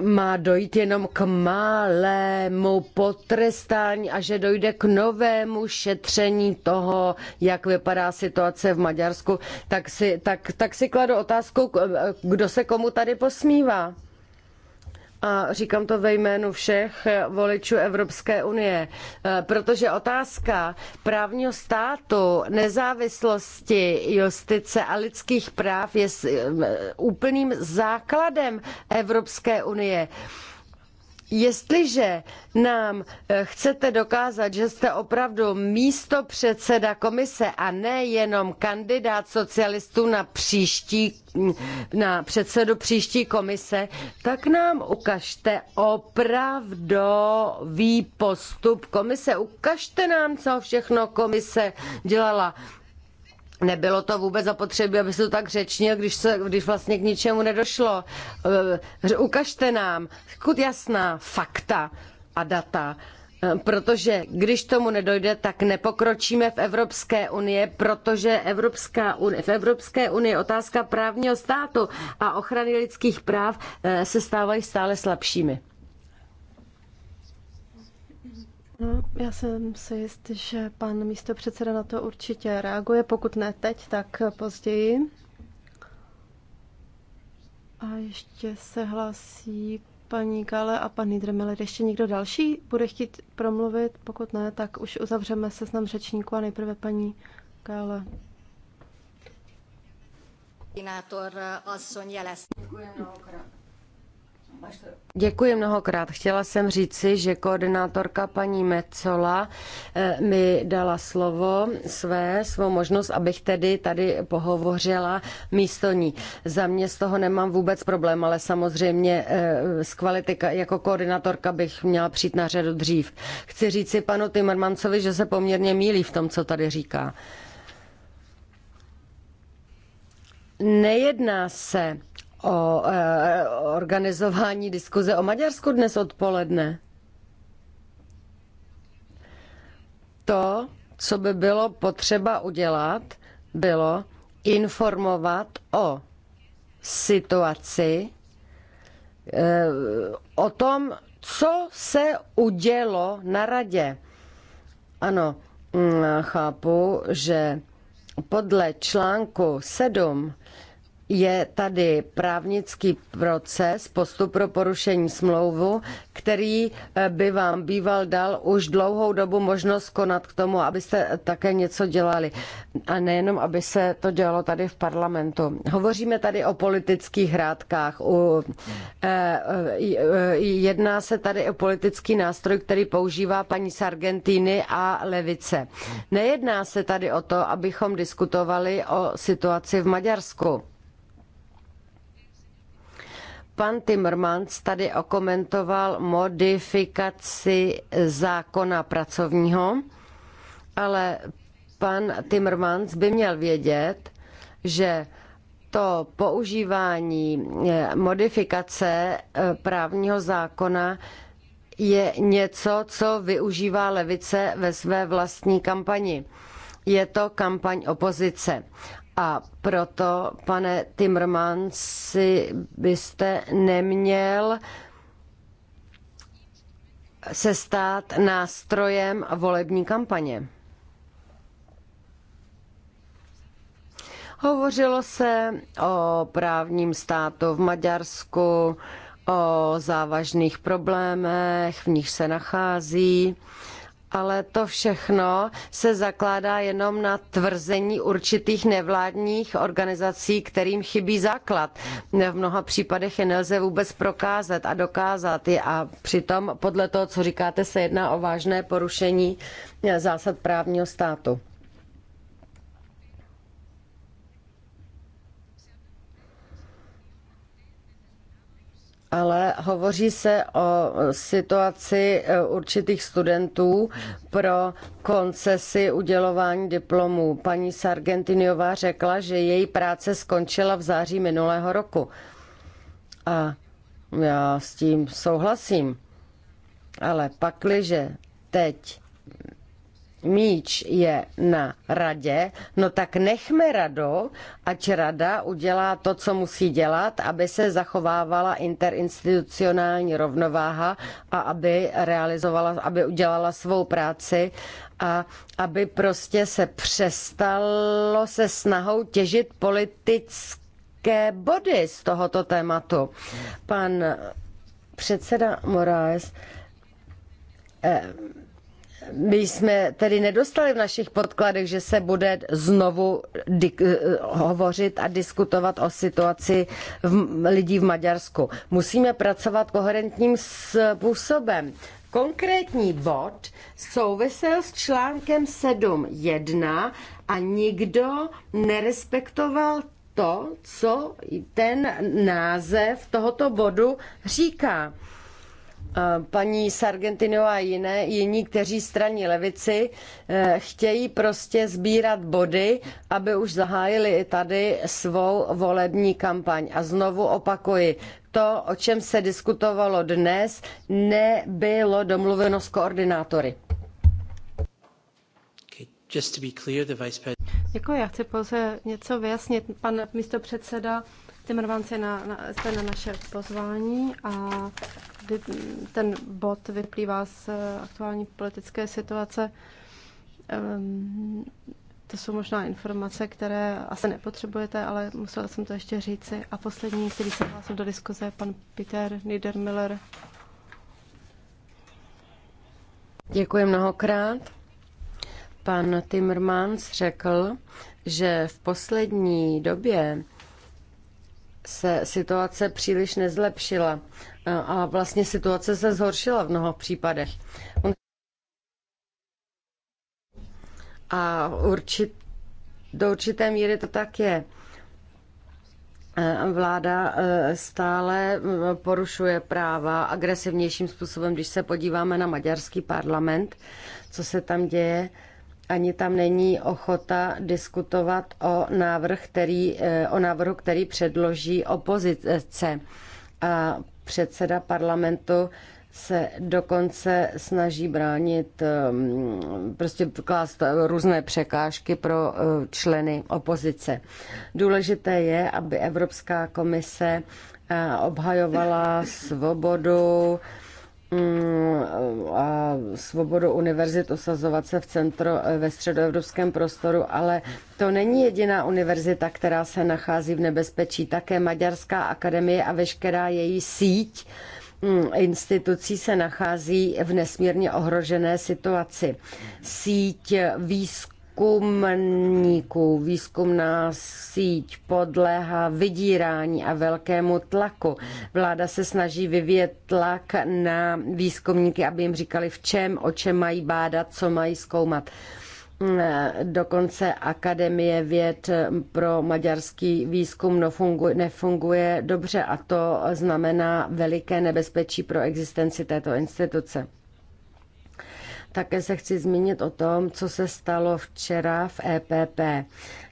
má dojít jenom k malému potrestání a že dojde k novému šetření toho, jak vypadá situace v Maďarsku, tak si, tak, tak si kladu otázku, kdo se komu tady posmívá a říkám to ve jménu všech voličů Evropské unie, e, protože otázka právního státu, nezávislosti justice a lidských práv je e, úplným základem Evropské unie. Jestliže nám eh, chcete dokázat, že jste opravdu místo předseda komise a ne jenom kandidát socialistů na, příští, mm, na předsedu příští komise, tak nám ukažte opravdový postup komise. Ukažte nám, co všechno komise dělala. Nebylo to vůbec zapotřebí, aby se to tak řečnil, když, se, když vlastně k ničemu nedošlo. Eh, ukažte nám, kud jasná fakta a data. Eh, protože když tomu nedojde, tak nepokročíme v Evropské unii, protože Evropská unie, v Evropské unii otázka právního státu a ochrany lidských práv eh, se stávají stále slabšími. No, já jsem si jist, že pan místo předseda na to určitě reaguje, pokud ne teď, tak později. A ještě se hlásí paní Gale a pan Niedermiller. Ještě někdo další bude chtít promluvit? Pokud ne, tak už uzavřeme seznam řečníků a nejprve paní Gale. Eh, Děkuji mnohokrát. Děkuji mnohokrát. Chtěla jsem říci, že koordinátorka paní Mecola eh, mi dala slovo své, svou možnost, abych tedy tady pohovořila místo ní. Za mě z toho nemám vůbec problém, ale samozřejmě eh, z kvality jako koordinátorka bych měla přijít na řadu dřív. Chci říci panu Timmermansovi, že se poměrně mílí v tom, co tady říká. Nejedná se o e, organizování diskuze o Maďarsku dnes odpoledne. To, co by bylo potřeba udělat, bylo informovat o situaci, e, o tom, co se udělo na radě. Ano, mm, chápu, že podle článku 7 je tady právnický proces, postup pro porušení smlouvu, který eh, by vám býval dal už dlouhou dobu možnost konat k tomu, abyste také něco dělali. A nejenom, aby se to dělalo tady v parlamentu. Hovoříme tady o politických hrádkách. Eh, eh, jedná se tady o politický nástroj, který používá paní z Argentíny a levice. Nejedná se tady o to, abychom diskutovali o situaci v Maďarsku. Pan Timmermans tady okomentoval modifikaci zákona pracovního, ale pan Timmermans by měl vědět, že to používání eh, modifikace eh, právního zákona je něco, co využívá levice ve své vlastní kampani. Je to kampaň opozice. A proto, pane si byste neměl se stát nástrojem volební kampaně. Hovořilo se o právním státu v Maďarsku, o závažných problémech, v nich se nachází ale to všechno se zakládá jenom na tvrzení určitých nevládních organizací, kterým chybí základ. V mnoha případech je nelze vůbec prokázat a dokázat je a přitom podle toho, co říkáte, se jedná o vážné porušení zásad právního státu. ale hovoří se o situaci e, určitých studentů pro koncesi udělování diplomů. Paní Sargentiniová řekla, že její práce skončila v září minulého roku. A já s tím souhlasím. Ale pakliže teď míč je na radě, no tak nechme radu, ať rada udělá to, co musí dělat, aby se zachovávala interinstitucionální rovnováha a aby realizovala, aby udělala svou práci a aby prostě se přestalo se snahou těžit politické body z tohoto tématu. Pan předseda Moraes eh, my jsme tedy nedostali v našich podkladech, že se bude znovu eh, hovořit a diskutovat o situaci v lidí v Maďarsku. Musíme pracovat koherentním způsobem. Konkrétní bod souvisel s článkem 7.1 a nikdo nerespektoval to, co ten název tohoto bodu říká. Eh, paní Sargentino a jiné, jiní, kteří straní levici, eh, chtějí prostě sbírat body, aby už zahájili i tady svou volební kampaň. A znovu opakuji, to, o čem se diskutovalo dnes, nebylo domluveno s koordinátory. Děkuji, já chci pouze něco vyjasnit. Pan místopředseda Timmermans je na, na, na naše pozvání a ten bod vyplývá z eh, aktuální politické situace. Ehm, to jsou možná informace, které asi nepotřebujete, ale musela jsem to ještě říci. A poslední, který se hlásil do diskuze, pan Peter Niedermiller. Děkuji mnohokrát. Pan Timmermans řekl, že v poslední době se situace příliš nezlepšila eh, a vlastně situace se zhoršila v mnoha případech. A určit, do určité míry to tak je. Eh, vláda eh, stále mm, porušuje práva agresivnějším způsobem, když se podíváme na maďarský parlament, co se tam děje ani tam není ochota diskutovat o, návrh, který, eh, o návrhu, který předloží opozice. A předseda parlamentu se dokonce snaží bránit, ehm, prostě klást různé překážky pro eh, členy opozice. Důležité je, aby Evropská komise eh, obhajovala svobodu, Mm, a svobodu univerzit osazovat se v centro, ve středoevropském prostoru, ale to není jediná univerzita, která se nachází v nebezpečí. Také Maďarská akademie a veškerá její síť mm, institucí se nachází v nesmírně ohrožené situaci. Síť výzkumu výzkumníků. Výzkumná síť podléhá vydírání a velkému tlaku. Vláda se snaží vyvíjet tlak na výzkumníky, aby jim říkali, v čem, o čem mají bádat, co mají zkoumat. Mm, dokonce Akademie věd pro maďarský výzkum nefunguje dobře a to znamená veliké nebezpečí pro existenci této instituce. Také se chci zmínit o tom, co se stalo včera v EPP.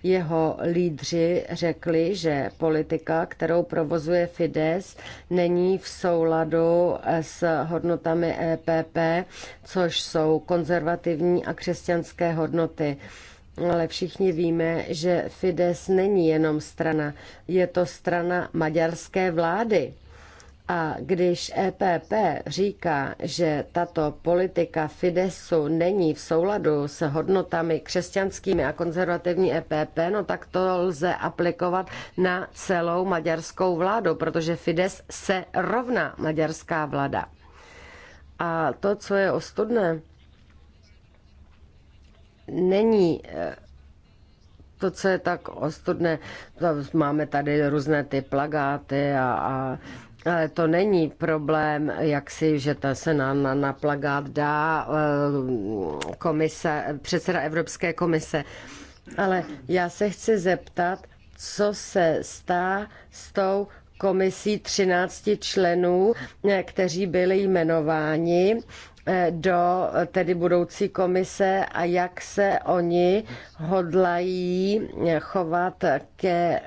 Jeho lídři řekli, že politika, kterou provozuje Fides, není v souladu s hodnotami EPP, což jsou konzervativní a křesťanské hodnoty. Ale všichni víme, že Fides není jenom strana, je to strana maďarské vlády a když EPP říká, že tato politika Fidesu není v souladu s hodnotami křesťanskými a konzervativní EPP, no tak to lze aplikovat na celou maďarskou vládu, protože Fides se rovná maďarská vláda. A to, co je ostudné, není eh, to, co je tak ostudné, máme tady různé ty plagáty a, a ale to není problém, jak si, že ta se na, na, na plagát dá eh, komise, předseda Evropské komise. Ale já se chci zeptat, co se stá s tou komisí 13 členů, eh, kteří byli jmenováni eh, do tedy budoucí komise a jak se oni hodlají chovat ke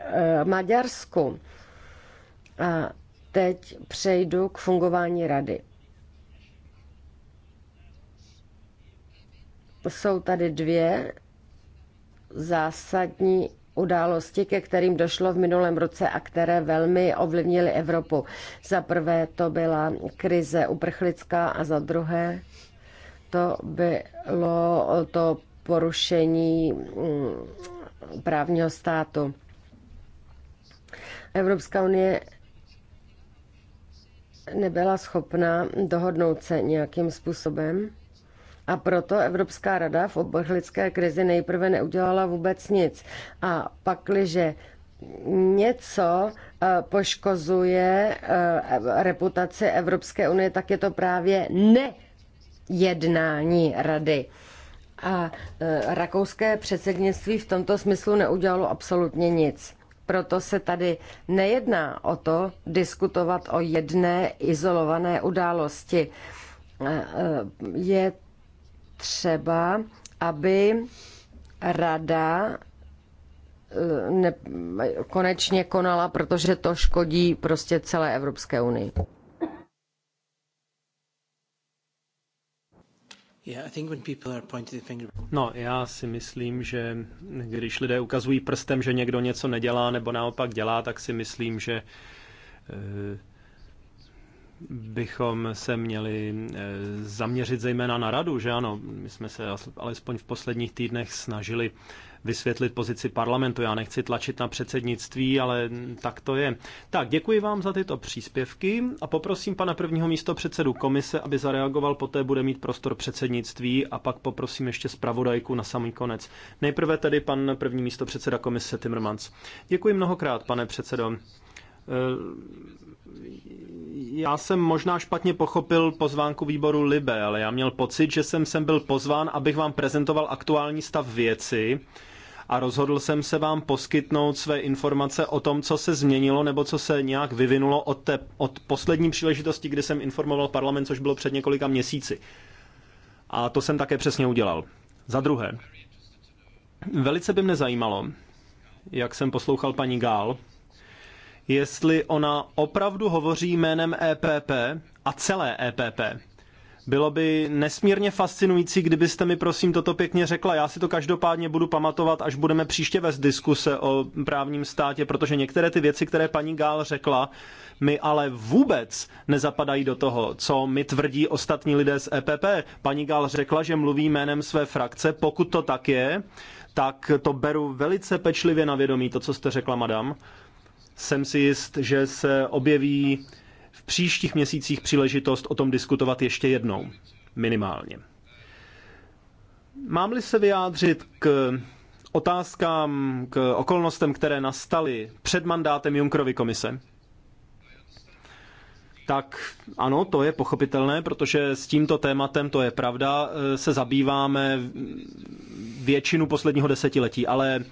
Maďarsku. A teď přejdu k fungování rady. Jsou tady dvě zásadní události, ke kterým došlo v minulém roce a které velmi ovlivnily Evropu. Za prvé to byla krize uprchlická a za druhé to bylo to porušení mm, právního státu. Evropská unie nebyla schopna dohodnout se nějakým způsobem. A proto Evropská rada v obrchlické krizi nejprve neudělala vůbec nic. A pakliže něco eh, poškozuje eh, reputaci Evropské unie, tak je to právě nejednání rady. A eh, rakouské předsednictví v tomto smyslu neudělalo absolutně nic. Proto se tady nejedná o to diskutovat o jedné izolované události. Je třeba, aby rada eh, konečně konala, protože to škodí prostě celé Evropské unii. No, já si myslím, že když lidé ukazují prstem, že někdo něco nedělá nebo naopak dělá, tak si myslím, že eh, bychom se měli eh, zaměřit zejména na radu, že ano, my jsme se alespoň v posledních týdnech snažili vysvětlit pozici parlamentu. Já nechci tlačit na předsednictví, ale tak to je. Tak, děkuji vám za tyto příspěvky a poprosím pana prvního místo předsedu komise, aby zareagoval, poté bude mít prostor předsednictví a pak poprosím ještě zpravodajku na samý konec. Nejprve tedy pan první místo předseda komise Timmermans. Děkuji mnohokrát, pane předsedo. Eh, já jsem možná špatně pochopil pozvánku výboru Libe, ale já měl pocit, že jsem sem byl pozván, abych vám prezentoval aktuální stav věci a rozhodl jsem se vám poskytnout své informace o tom, co se změnilo nebo co se nějak vyvinulo od, té, od poslední příležitosti, kdy jsem informoval parlament, což bylo před několika měsíci. A to jsem také přesně udělal. Za druhé, velice by mě zajímalo, jak jsem poslouchal paní Gál, jestli ona opravdu hovoří jménem EPP a celé EPP bylo by nesmírně fascinující, kdybyste mi prosím toto pěkně řekla. Já si to každopádně budu pamatovat, až budeme příště vést diskuse o právním státě, protože některé ty věci, které paní Gál řekla, mi ale vůbec nezapadají do toho, co mi tvrdí ostatní lidé z EPP. Paní Gál řekla, že mluví jménem své frakce. Pokud to tak je, tak to beru velice pečlivě na vědomí, to, co jste řekla, madam. Jsem si jist, že se objeví v příštích měsících příležitost o tom diskutovat ještě jednou, minimálně. Mám-li se vyjádřit k otázkám, k okolnostem, které nastaly před mandátem Junkrovy komise, tak ano, to je pochopitelné, protože s tímto tématem, to je pravda, se zabýváme většinu posledního desetiletí, ale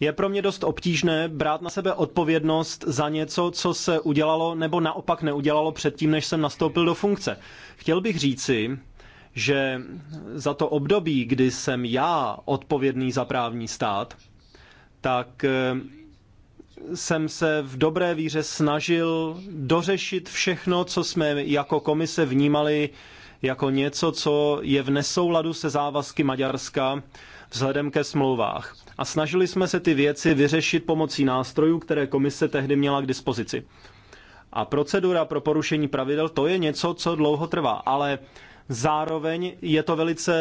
je pro mě dost obtížné brát na sebe odpovědnost za něco, co se udělalo nebo naopak neudělalo předtím, než jsem nastoupil do funkce. Chtěl bych říci, že za to období, kdy jsem já odpovědný za právní stát, tak eh, jsem se v dobré víře snažil dořešit všechno, co jsme jako komise vnímali jako něco, co je v nesouladu se závazky Maďarska vzhledem ke smlouvách a snažili jsme se ty věci vyřešit pomocí nástrojů, které komise tehdy měla k dispozici. A procedura pro porušení pravidel, to je něco, co dlouho trvá, ale zároveň je to velice,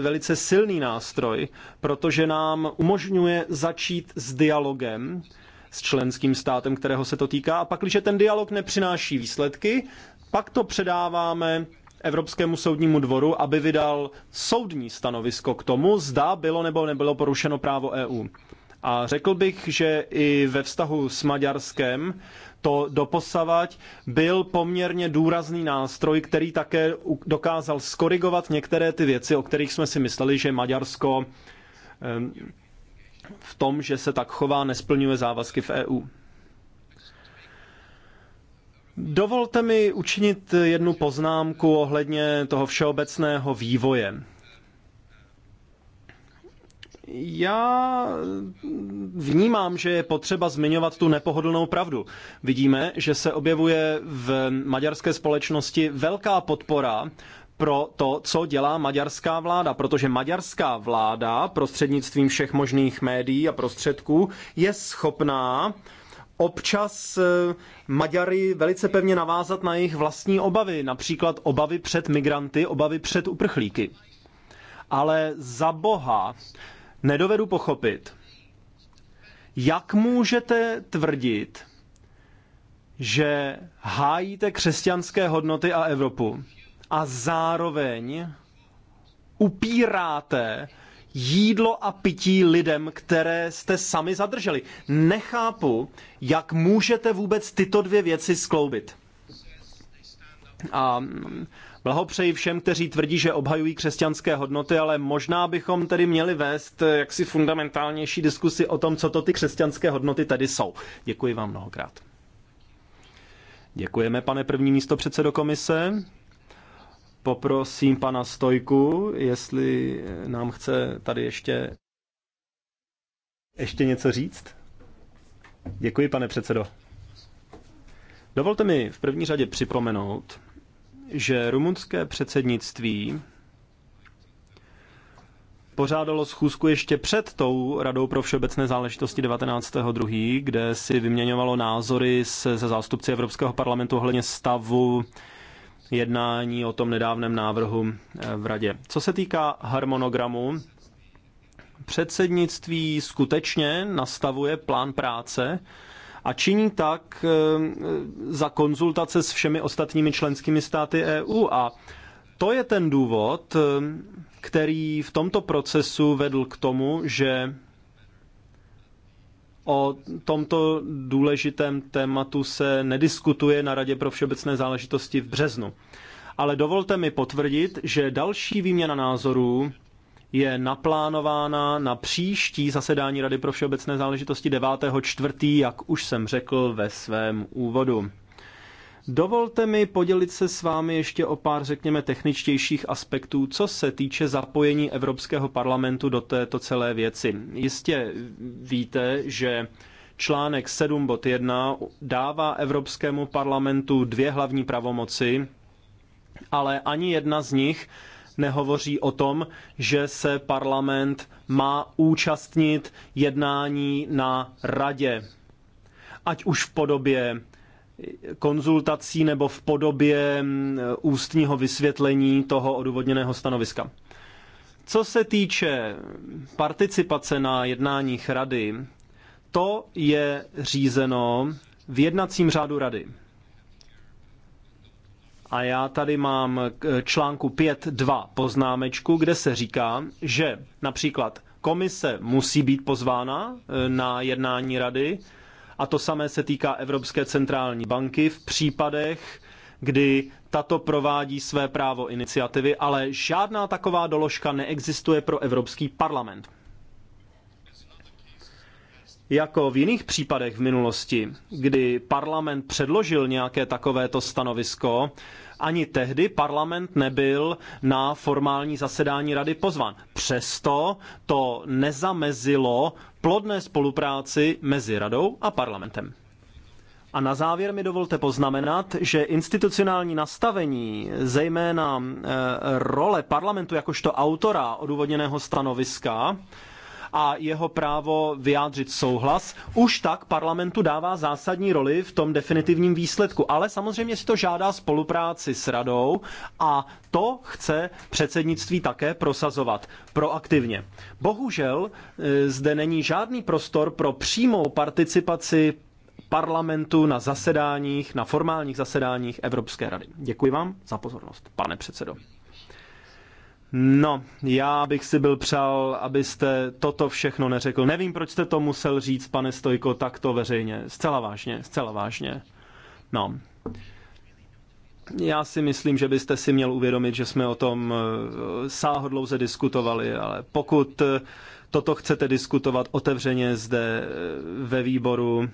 velice silný nástroj, protože nám umožňuje začít s dialogem, s členským státem, kterého se to týká. A pak, když ten dialog nepřináší výsledky, pak to předáváme Evropskému soudnímu dvoru, aby vydal soudní stanovisko k tomu, zda bylo nebo nebylo porušeno právo EU. A řekl bych, že i ve vztahu s Maďarskem to doposavať byl poměrně důrazný nástroj, který také dokázal skorigovat některé ty věci, o kterých jsme si mysleli, že Maďarsko v tom, že se tak chová, nesplňuje závazky v EU. Dovolte mi učinit jednu poznámku ohledně toho všeobecného vývoje. Já vnímám, že je potřeba zmiňovat tu nepohodlnou pravdu. Vidíme, že se objevuje v maďarské společnosti velká podpora pro to, co dělá maďarská vláda, protože maďarská vláda prostřednictvím všech možných médií a prostředků je schopná občas eh, Maďary velice pevně navázat na jejich vlastní obavy, například obavy před migranty, obavy před uprchlíky. Ale za boha nedovedu pochopit, jak můžete tvrdit, že hájíte křesťanské hodnoty a Evropu a zároveň upíráte jídlo a pití lidem, které jste sami zadrželi. Nechápu, jak můžete vůbec tyto dvě věci skloubit. A blahopřeji všem, kteří tvrdí, že obhajují křesťanské hodnoty, ale možná bychom tedy měli vést eh, jaksi fundamentálnější diskusi o tom, co to ty křesťanské hodnoty tedy jsou. Děkuji vám mnohokrát. Děkujeme, pane první místo předsedo komise poprosím pana Stojku, jestli nám chce tady ještě ještě něco říct? Děkuji, pane předsedo. Dovolte mi v první řadě připomenout, že rumunské předsednictví pořádalo schůzku ještě před tou Radou pro všeobecné záležitosti 19.2., kde si vyměňovalo názory se, se zástupci Evropského parlamentu ohledně stavu jednání o tom nedávném návrhu eh, v radě. Co se týká harmonogramu, předsednictví skutečně nastavuje plán práce a činí tak eh, za konzultace s všemi ostatními členskými státy EU. A to je ten důvod, eh, který v tomto procesu vedl k tomu, že O tomto důležitém tématu se nediskutuje na Radě pro všeobecné záležitosti v březnu. Ale dovolte mi potvrdit, že další výměna názorů je naplánována na příští zasedání Rady pro všeobecné záležitosti 9.4., jak už jsem řekl ve svém úvodu. Dovolte mi podělit se s vámi ještě o pár, řekněme, techničtějších aspektů, co se týče zapojení Evropského parlamentu do této celé věci. Jistě víte, že článek 7 bod 1 dává Evropskému parlamentu dvě hlavní pravomoci, ale ani jedna z nich nehovoří o tom, že se parlament má účastnit jednání na radě. Ať už v podobě konzultací nebo v podobě mm, ústního vysvětlení toho odůvodněného stanoviska. Co se týče participace na jednáních rady, to je řízeno v jednacím řádu rady. A já tady mám k článku 5.2 poznámečku, kde se říká, že například komise musí být pozvána e, na jednání rady, a to samé se týká Evropské centrální banky v případech, kdy tato provádí své právo iniciativy, ale žádná taková doložka neexistuje pro Evropský parlament jako v jiných případech v minulosti, kdy parlament předložil nějaké takovéto stanovisko, ani tehdy parlament nebyl na formální zasedání rady pozván. Přesto to nezamezilo plodné spolupráci mezi radou a parlamentem. A na závěr mi dovolte poznamenat, že institucionální nastavení, zejména eh, role parlamentu jakožto autora odůvodněného stanoviska, a jeho právo vyjádřit souhlas, už tak parlamentu dává zásadní roli v tom definitivním výsledku. Ale samozřejmě si to žádá spolupráci s radou a to chce předsednictví také prosazovat proaktivně. Bohužel e, zde není žádný prostor pro přímou participaci parlamentu na zasedáních, na formálních zasedáních Evropské rady. Děkuji vám za pozornost, pane předsedo. No, já bych si byl přál, abyste toto všechno neřekl. Nevím, proč jste to musel říct, pane Stojko, takto veřejně. Zcela vážně, zcela vážně. No. Já si myslím, že byste si měl uvědomit, že jsme o tom eh, sáhodlouze diskutovali, ale pokud eh, toto chcete diskutovat otevřeně zde eh, ve výboru,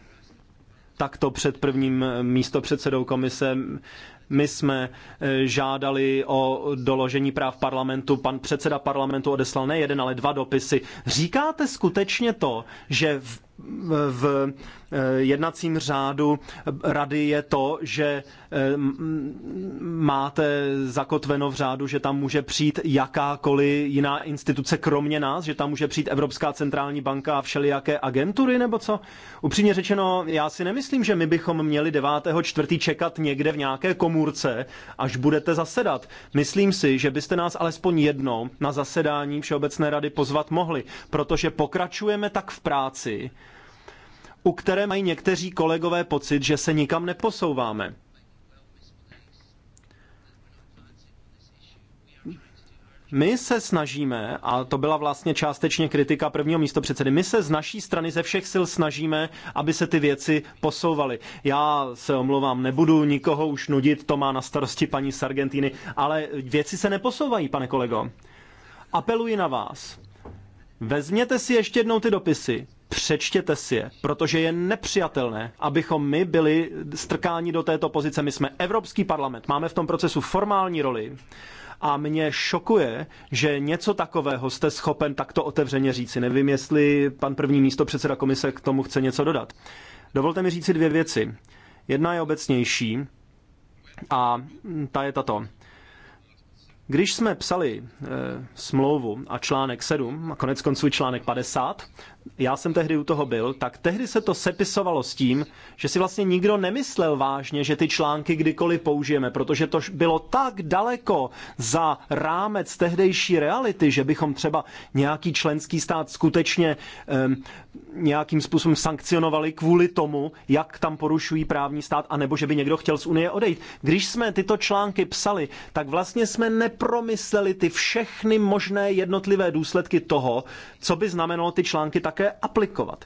takto před prvním místopředsedou komise. My jsme eh, žádali o doložení práv parlamentu. Pan předseda parlamentu odeslal ne jeden, ale dva dopisy. Říkáte skutečně to, že v, v Eh, jednacím řádu rady je to, že eh, máte zakotveno v řádu, že tam může přijít jakákoliv jiná instituce kromě nás, že tam může přijít Evropská centrální banka a všelijaké agentury nebo co? Upřímně řečeno, já si nemyslím, že my bychom měli 9.4. čekat někde v nějaké komůrce, až budete zasedat. Myslím si, že byste nás alespoň jednou na zasedání Všeobecné rady pozvat mohli, protože pokračujeme tak v práci, u které mají někteří kolegové pocit, že se nikam neposouváme. My se snažíme, a to byla vlastně částečně kritika prvního předsedy, my se z naší strany ze všech sil snažíme, aby se ty věci posouvaly. Já se omlouvám, nebudu nikoho už nudit, to má na starosti paní z ale věci se neposouvají, pane kolego. Apeluji na vás. Vezměte si ještě jednou ty dopisy přečtěte si je, protože je nepřijatelné, abychom my byli strkáni do této pozice. My jsme Evropský parlament, máme v tom procesu formální roli a mě šokuje, že něco takového jste schopen takto otevřeně říci. Nevím, jestli pan první místo předseda komise k tomu chce něco dodat. Dovolte mi říci dvě věci. Jedna je obecnější a ta je tato. Když jsme psali e, smlouvu a článek 7, a konec konců článek 50, já jsem tehdy u toho byl, tak tehdy se to sepisovalo s tím, že si vlastně nikdo nemyslel vážně, že ty články kdykoliv použijeme, protože to bylo tak daleko za rámec tehdejší reality, že bychom třeba nějaký členský stát skutečně um, nějakým způsobem sankcionovali kvůli tomu, jak tam porušují právní stát, anebo že by někdo chtěl z Unie odejít. Když jsme tyto články psali, tak vlastně jsme nepromysleli ty všechny možné jednotlivé důsledky toho, co by znamenalo ty články tak také aplikovat.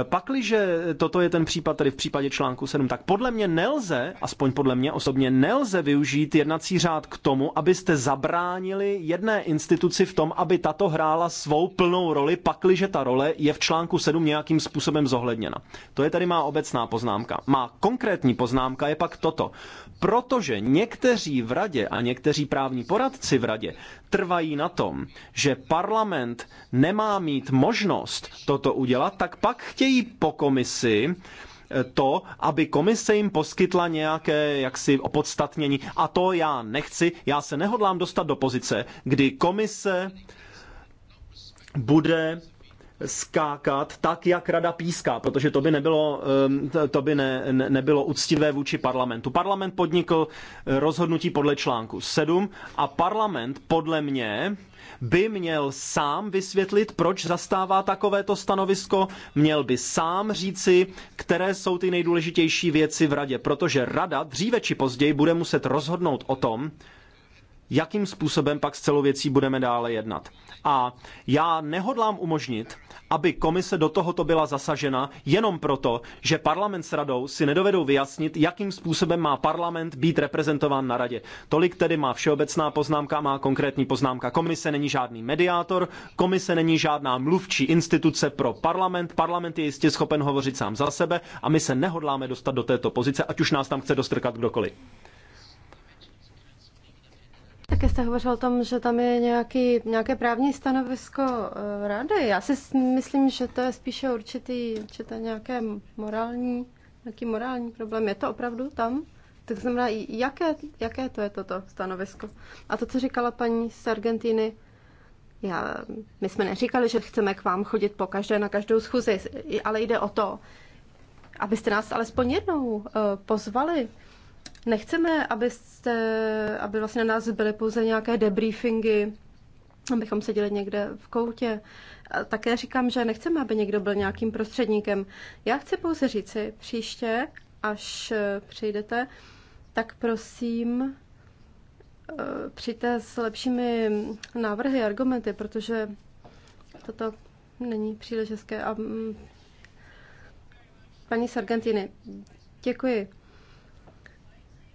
E, pakliže toto je ten případ, tedy v případě článku 7, tak podle mě nelze, aspoň podle mě osobně, nelze využít jednací řád k tomu, abyste zabránili jedné instituci v tom, aby tato hrála svou plnou roli, pakliže ta role je v článku 7 nějakým způsobem zohledněna. To je tedy má obecná poznámka. Má konkrétní poznámka je pak toto protože někteří v radě a někteří právní poradci v radě trvají na tom, že parlament nemá mít možnost toto udělat, tak pak chtějí po komisi eh, to, aby komise jim poskytla nějaké jaksi opodstatnění. A to já nechci, já se nehodlám dostat do pozice, kdy komise bude skákat tak, jak rada píská, protože to by nebylo, ehm, to by ne, ne, nebylo uctivé vůči parlamentu. Parlament podnikl rozhodnutí podle článku 7 a parlament podle mě by měl sám vysvětlit, proč zastává takovéto stanovisko, měl by sám říci, které jsou ty nejdůležitější věci v radě, protože rada dříve či později bude muset rozhodnout o tom, jakým způsobem pak s celou věcí budeme dále jednat. A já nehodlám umožnit, aby komise do tohoto byla zasažena jenom proto, že parlament s radou si nedovedou vyjasnit, jakým způsobem má parlament být reprezentován na radě. Tolik tedy má všeobecná poznámka, má konkrétní poznámka. Komise není žádný mediátor, komise není žádná mluvčí instituce pro parlament, parlament je jistě schopen hovořit sám za sebe a my se nehodláme dostat do této pozice, ať už nás tam chce dostrkat kdokoliv. Také jste hovořil o tom, že tam je nějaký, nějaké právní stanovisko eh, rady. Já si myslím, že to je spíše určitý, určitý nějaké morální, nějaký morální problém. Je to opravdu tam? Tak znamená, jaké, jaké to je toto stanovisko? A to, co říkala paní z Argentiny, já, my jsme neříkali, že chceme k vám chodit po každé na každou schůzi, ale jde o to, abyste nás alespoň jednou eh, pozvali Nechceme, abyste, aby vlastně na nás byly pouze nějaké debriefingy, abychom seděli někde v koutě. A také říkám, že nechceme, aby někdo byl nějakým prostředníkem. Já chci pouze říci příště, až eh, přijdete, tak prosím, eh, přijďte s lepšími návrhy, argumenty, protože toto není příliš hezké. A mm, paní Sargentiny, děkuji.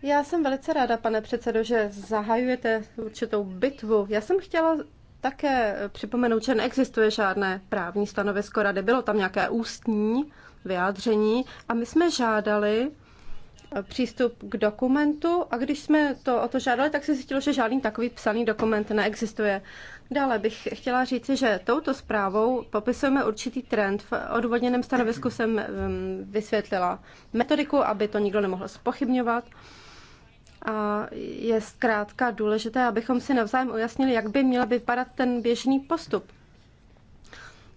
Já jsem velice ráda, pane předsedo, že zahajujete určitou bitvu. Já jsem chtěla také připomenout, že neexistuje žádné právní stanovisko rady. Bylo tam nějaké ústní vyjádření a my jsme žádali eh, přístup k dokumentu a když jsme to o to žádali, tak se zjistilo, že žádný takový psaný dokument neexistuje. Dále bych chtěla říci, že touto zprávou popisujeme určitý trend. V odvodněném stanovisku jsem ehm, vysvětlila metodiku, aby to nikdo nemohl spochybňovat. A je zkrátka důležité, abychom si navzájem ujasnili, jak by měl vypadat ten běžný postup.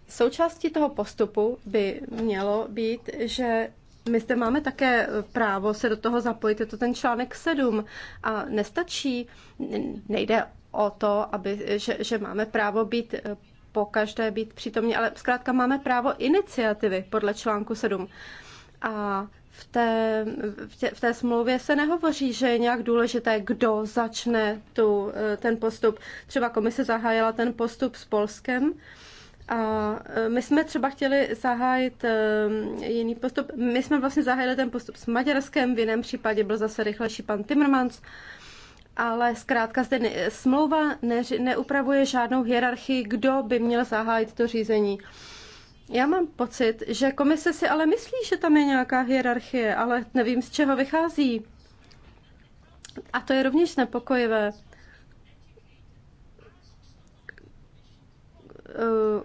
Součástí toho postupu by mělo být, že my zde máme také právo se do toho zapojit, je to ten článek 7 a nestačí, nejde o to, aby, že, že máme právo být eh, po každé být přítomní, ale zkrátka máme právo iniciativy podle článku 7. A v té, v, tě, v té smlouvě se nehovoří, že je nějak důležité, kdo začne tu, eh, ten postup. Třeba komise zahájila ten postup s Polskem. A eh, my jsme třeba chtěli zahájit eh, jiný postup. My jsme vlastně zahájili ten postup s Maďarskem, v jiném případě byl zase rychlejší pan Timmermans ale zkrátka zde ne, smlouva ne, neupravuje žádnou hierarchii, kdo by měl zahájit to řízení. Já mám pocit, že komise si ale myslí, že tam je nějaká hierarchie, ale nevím, z čeho vychází. A to je rovněž nepokojivé. Eh,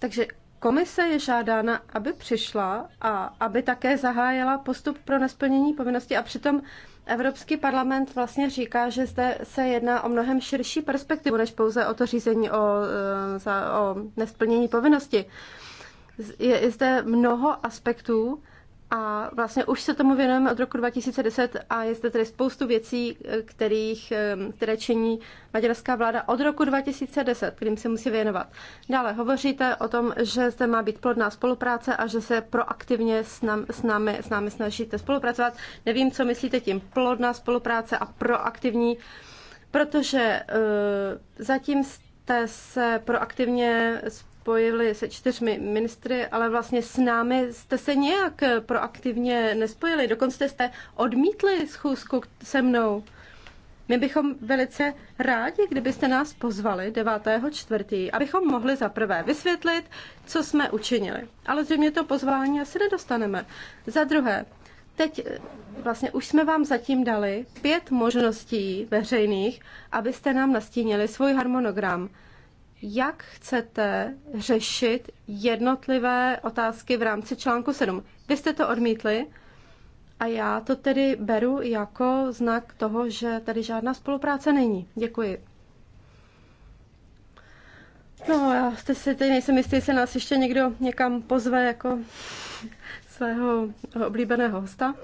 takže komise je žádána, aby přišla a aby také zahájila postup pro nesplnění povinnosti a přitom Evropský parlament vlastně říká, že zde se jedná o mnohem širší perspektivu než pouze o to řízení o, eh, o nesplnění povinnosti. Je zde mnoho aspektů a vlastně už se tomu věnujeme od roku 2010 a je zde tedy spoustu věcí, eh, kterých, eh, které činí maďarská vláda od roku 2010, kterým se musí věnovat. Dále hovoříte o tom, že zde má být plodná spolupráce a že se proaktivně s, nám, s, námi, s námi snažíte spolupracovat. Nevím, co myslíte tím plodná spolupráce a proaktivní, protože uh, zatím jste se proaktivně spojili se čtyřmi ministry, ale vlastně s námi jste se nějak proaktivně nespojili. Dokonce jste odmítli schůzku se mnou. My bychom velice rádi, kdybyste nás pozvali 9.4., abychom mohli zaprvé vysvětlit, co jsme učinili. Ale zřejmě to pozvání asi nedostaneme. Za druhé, teď eh, vlastně už jsme vám zatím dali pět možností veřejných, abyste nám nastínili svůj harmonogram jak chcete řešit jednotlivé otázky v rámci článku 7. Vy jste to odmítli a já to tedy beru jako znak toho, že tady žádná spolupráce není. Děkuji. No, já jste si teď nejsem jistý, jestli nás ještě někdo někam pozve jako svého oblíbeného hosta.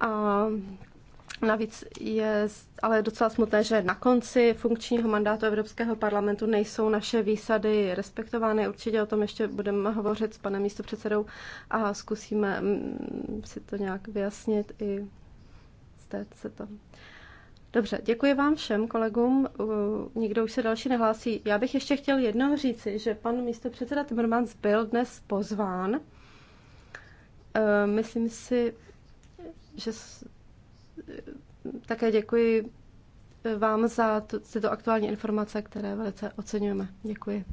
A Navíc je ale docela smutné, že na konci funkčního mandátu Evropského parlamentu nejsou naše výsady respektovány. Určitě o tom ještě budeme hovořit s panem místopředsedou a zkusíme mm, si to nějak vyjasnit i se to. Dobře, děkuji vám všem kolegům. Nikdo už se další nehlásí. Já bych ještě chtěl jednou říci, že pan místopředseda Timmermans byl dnes pozván. E, myslím si, že také děkuji vám za tyto aktuální informace, které velice oceňujeme. Děkuji.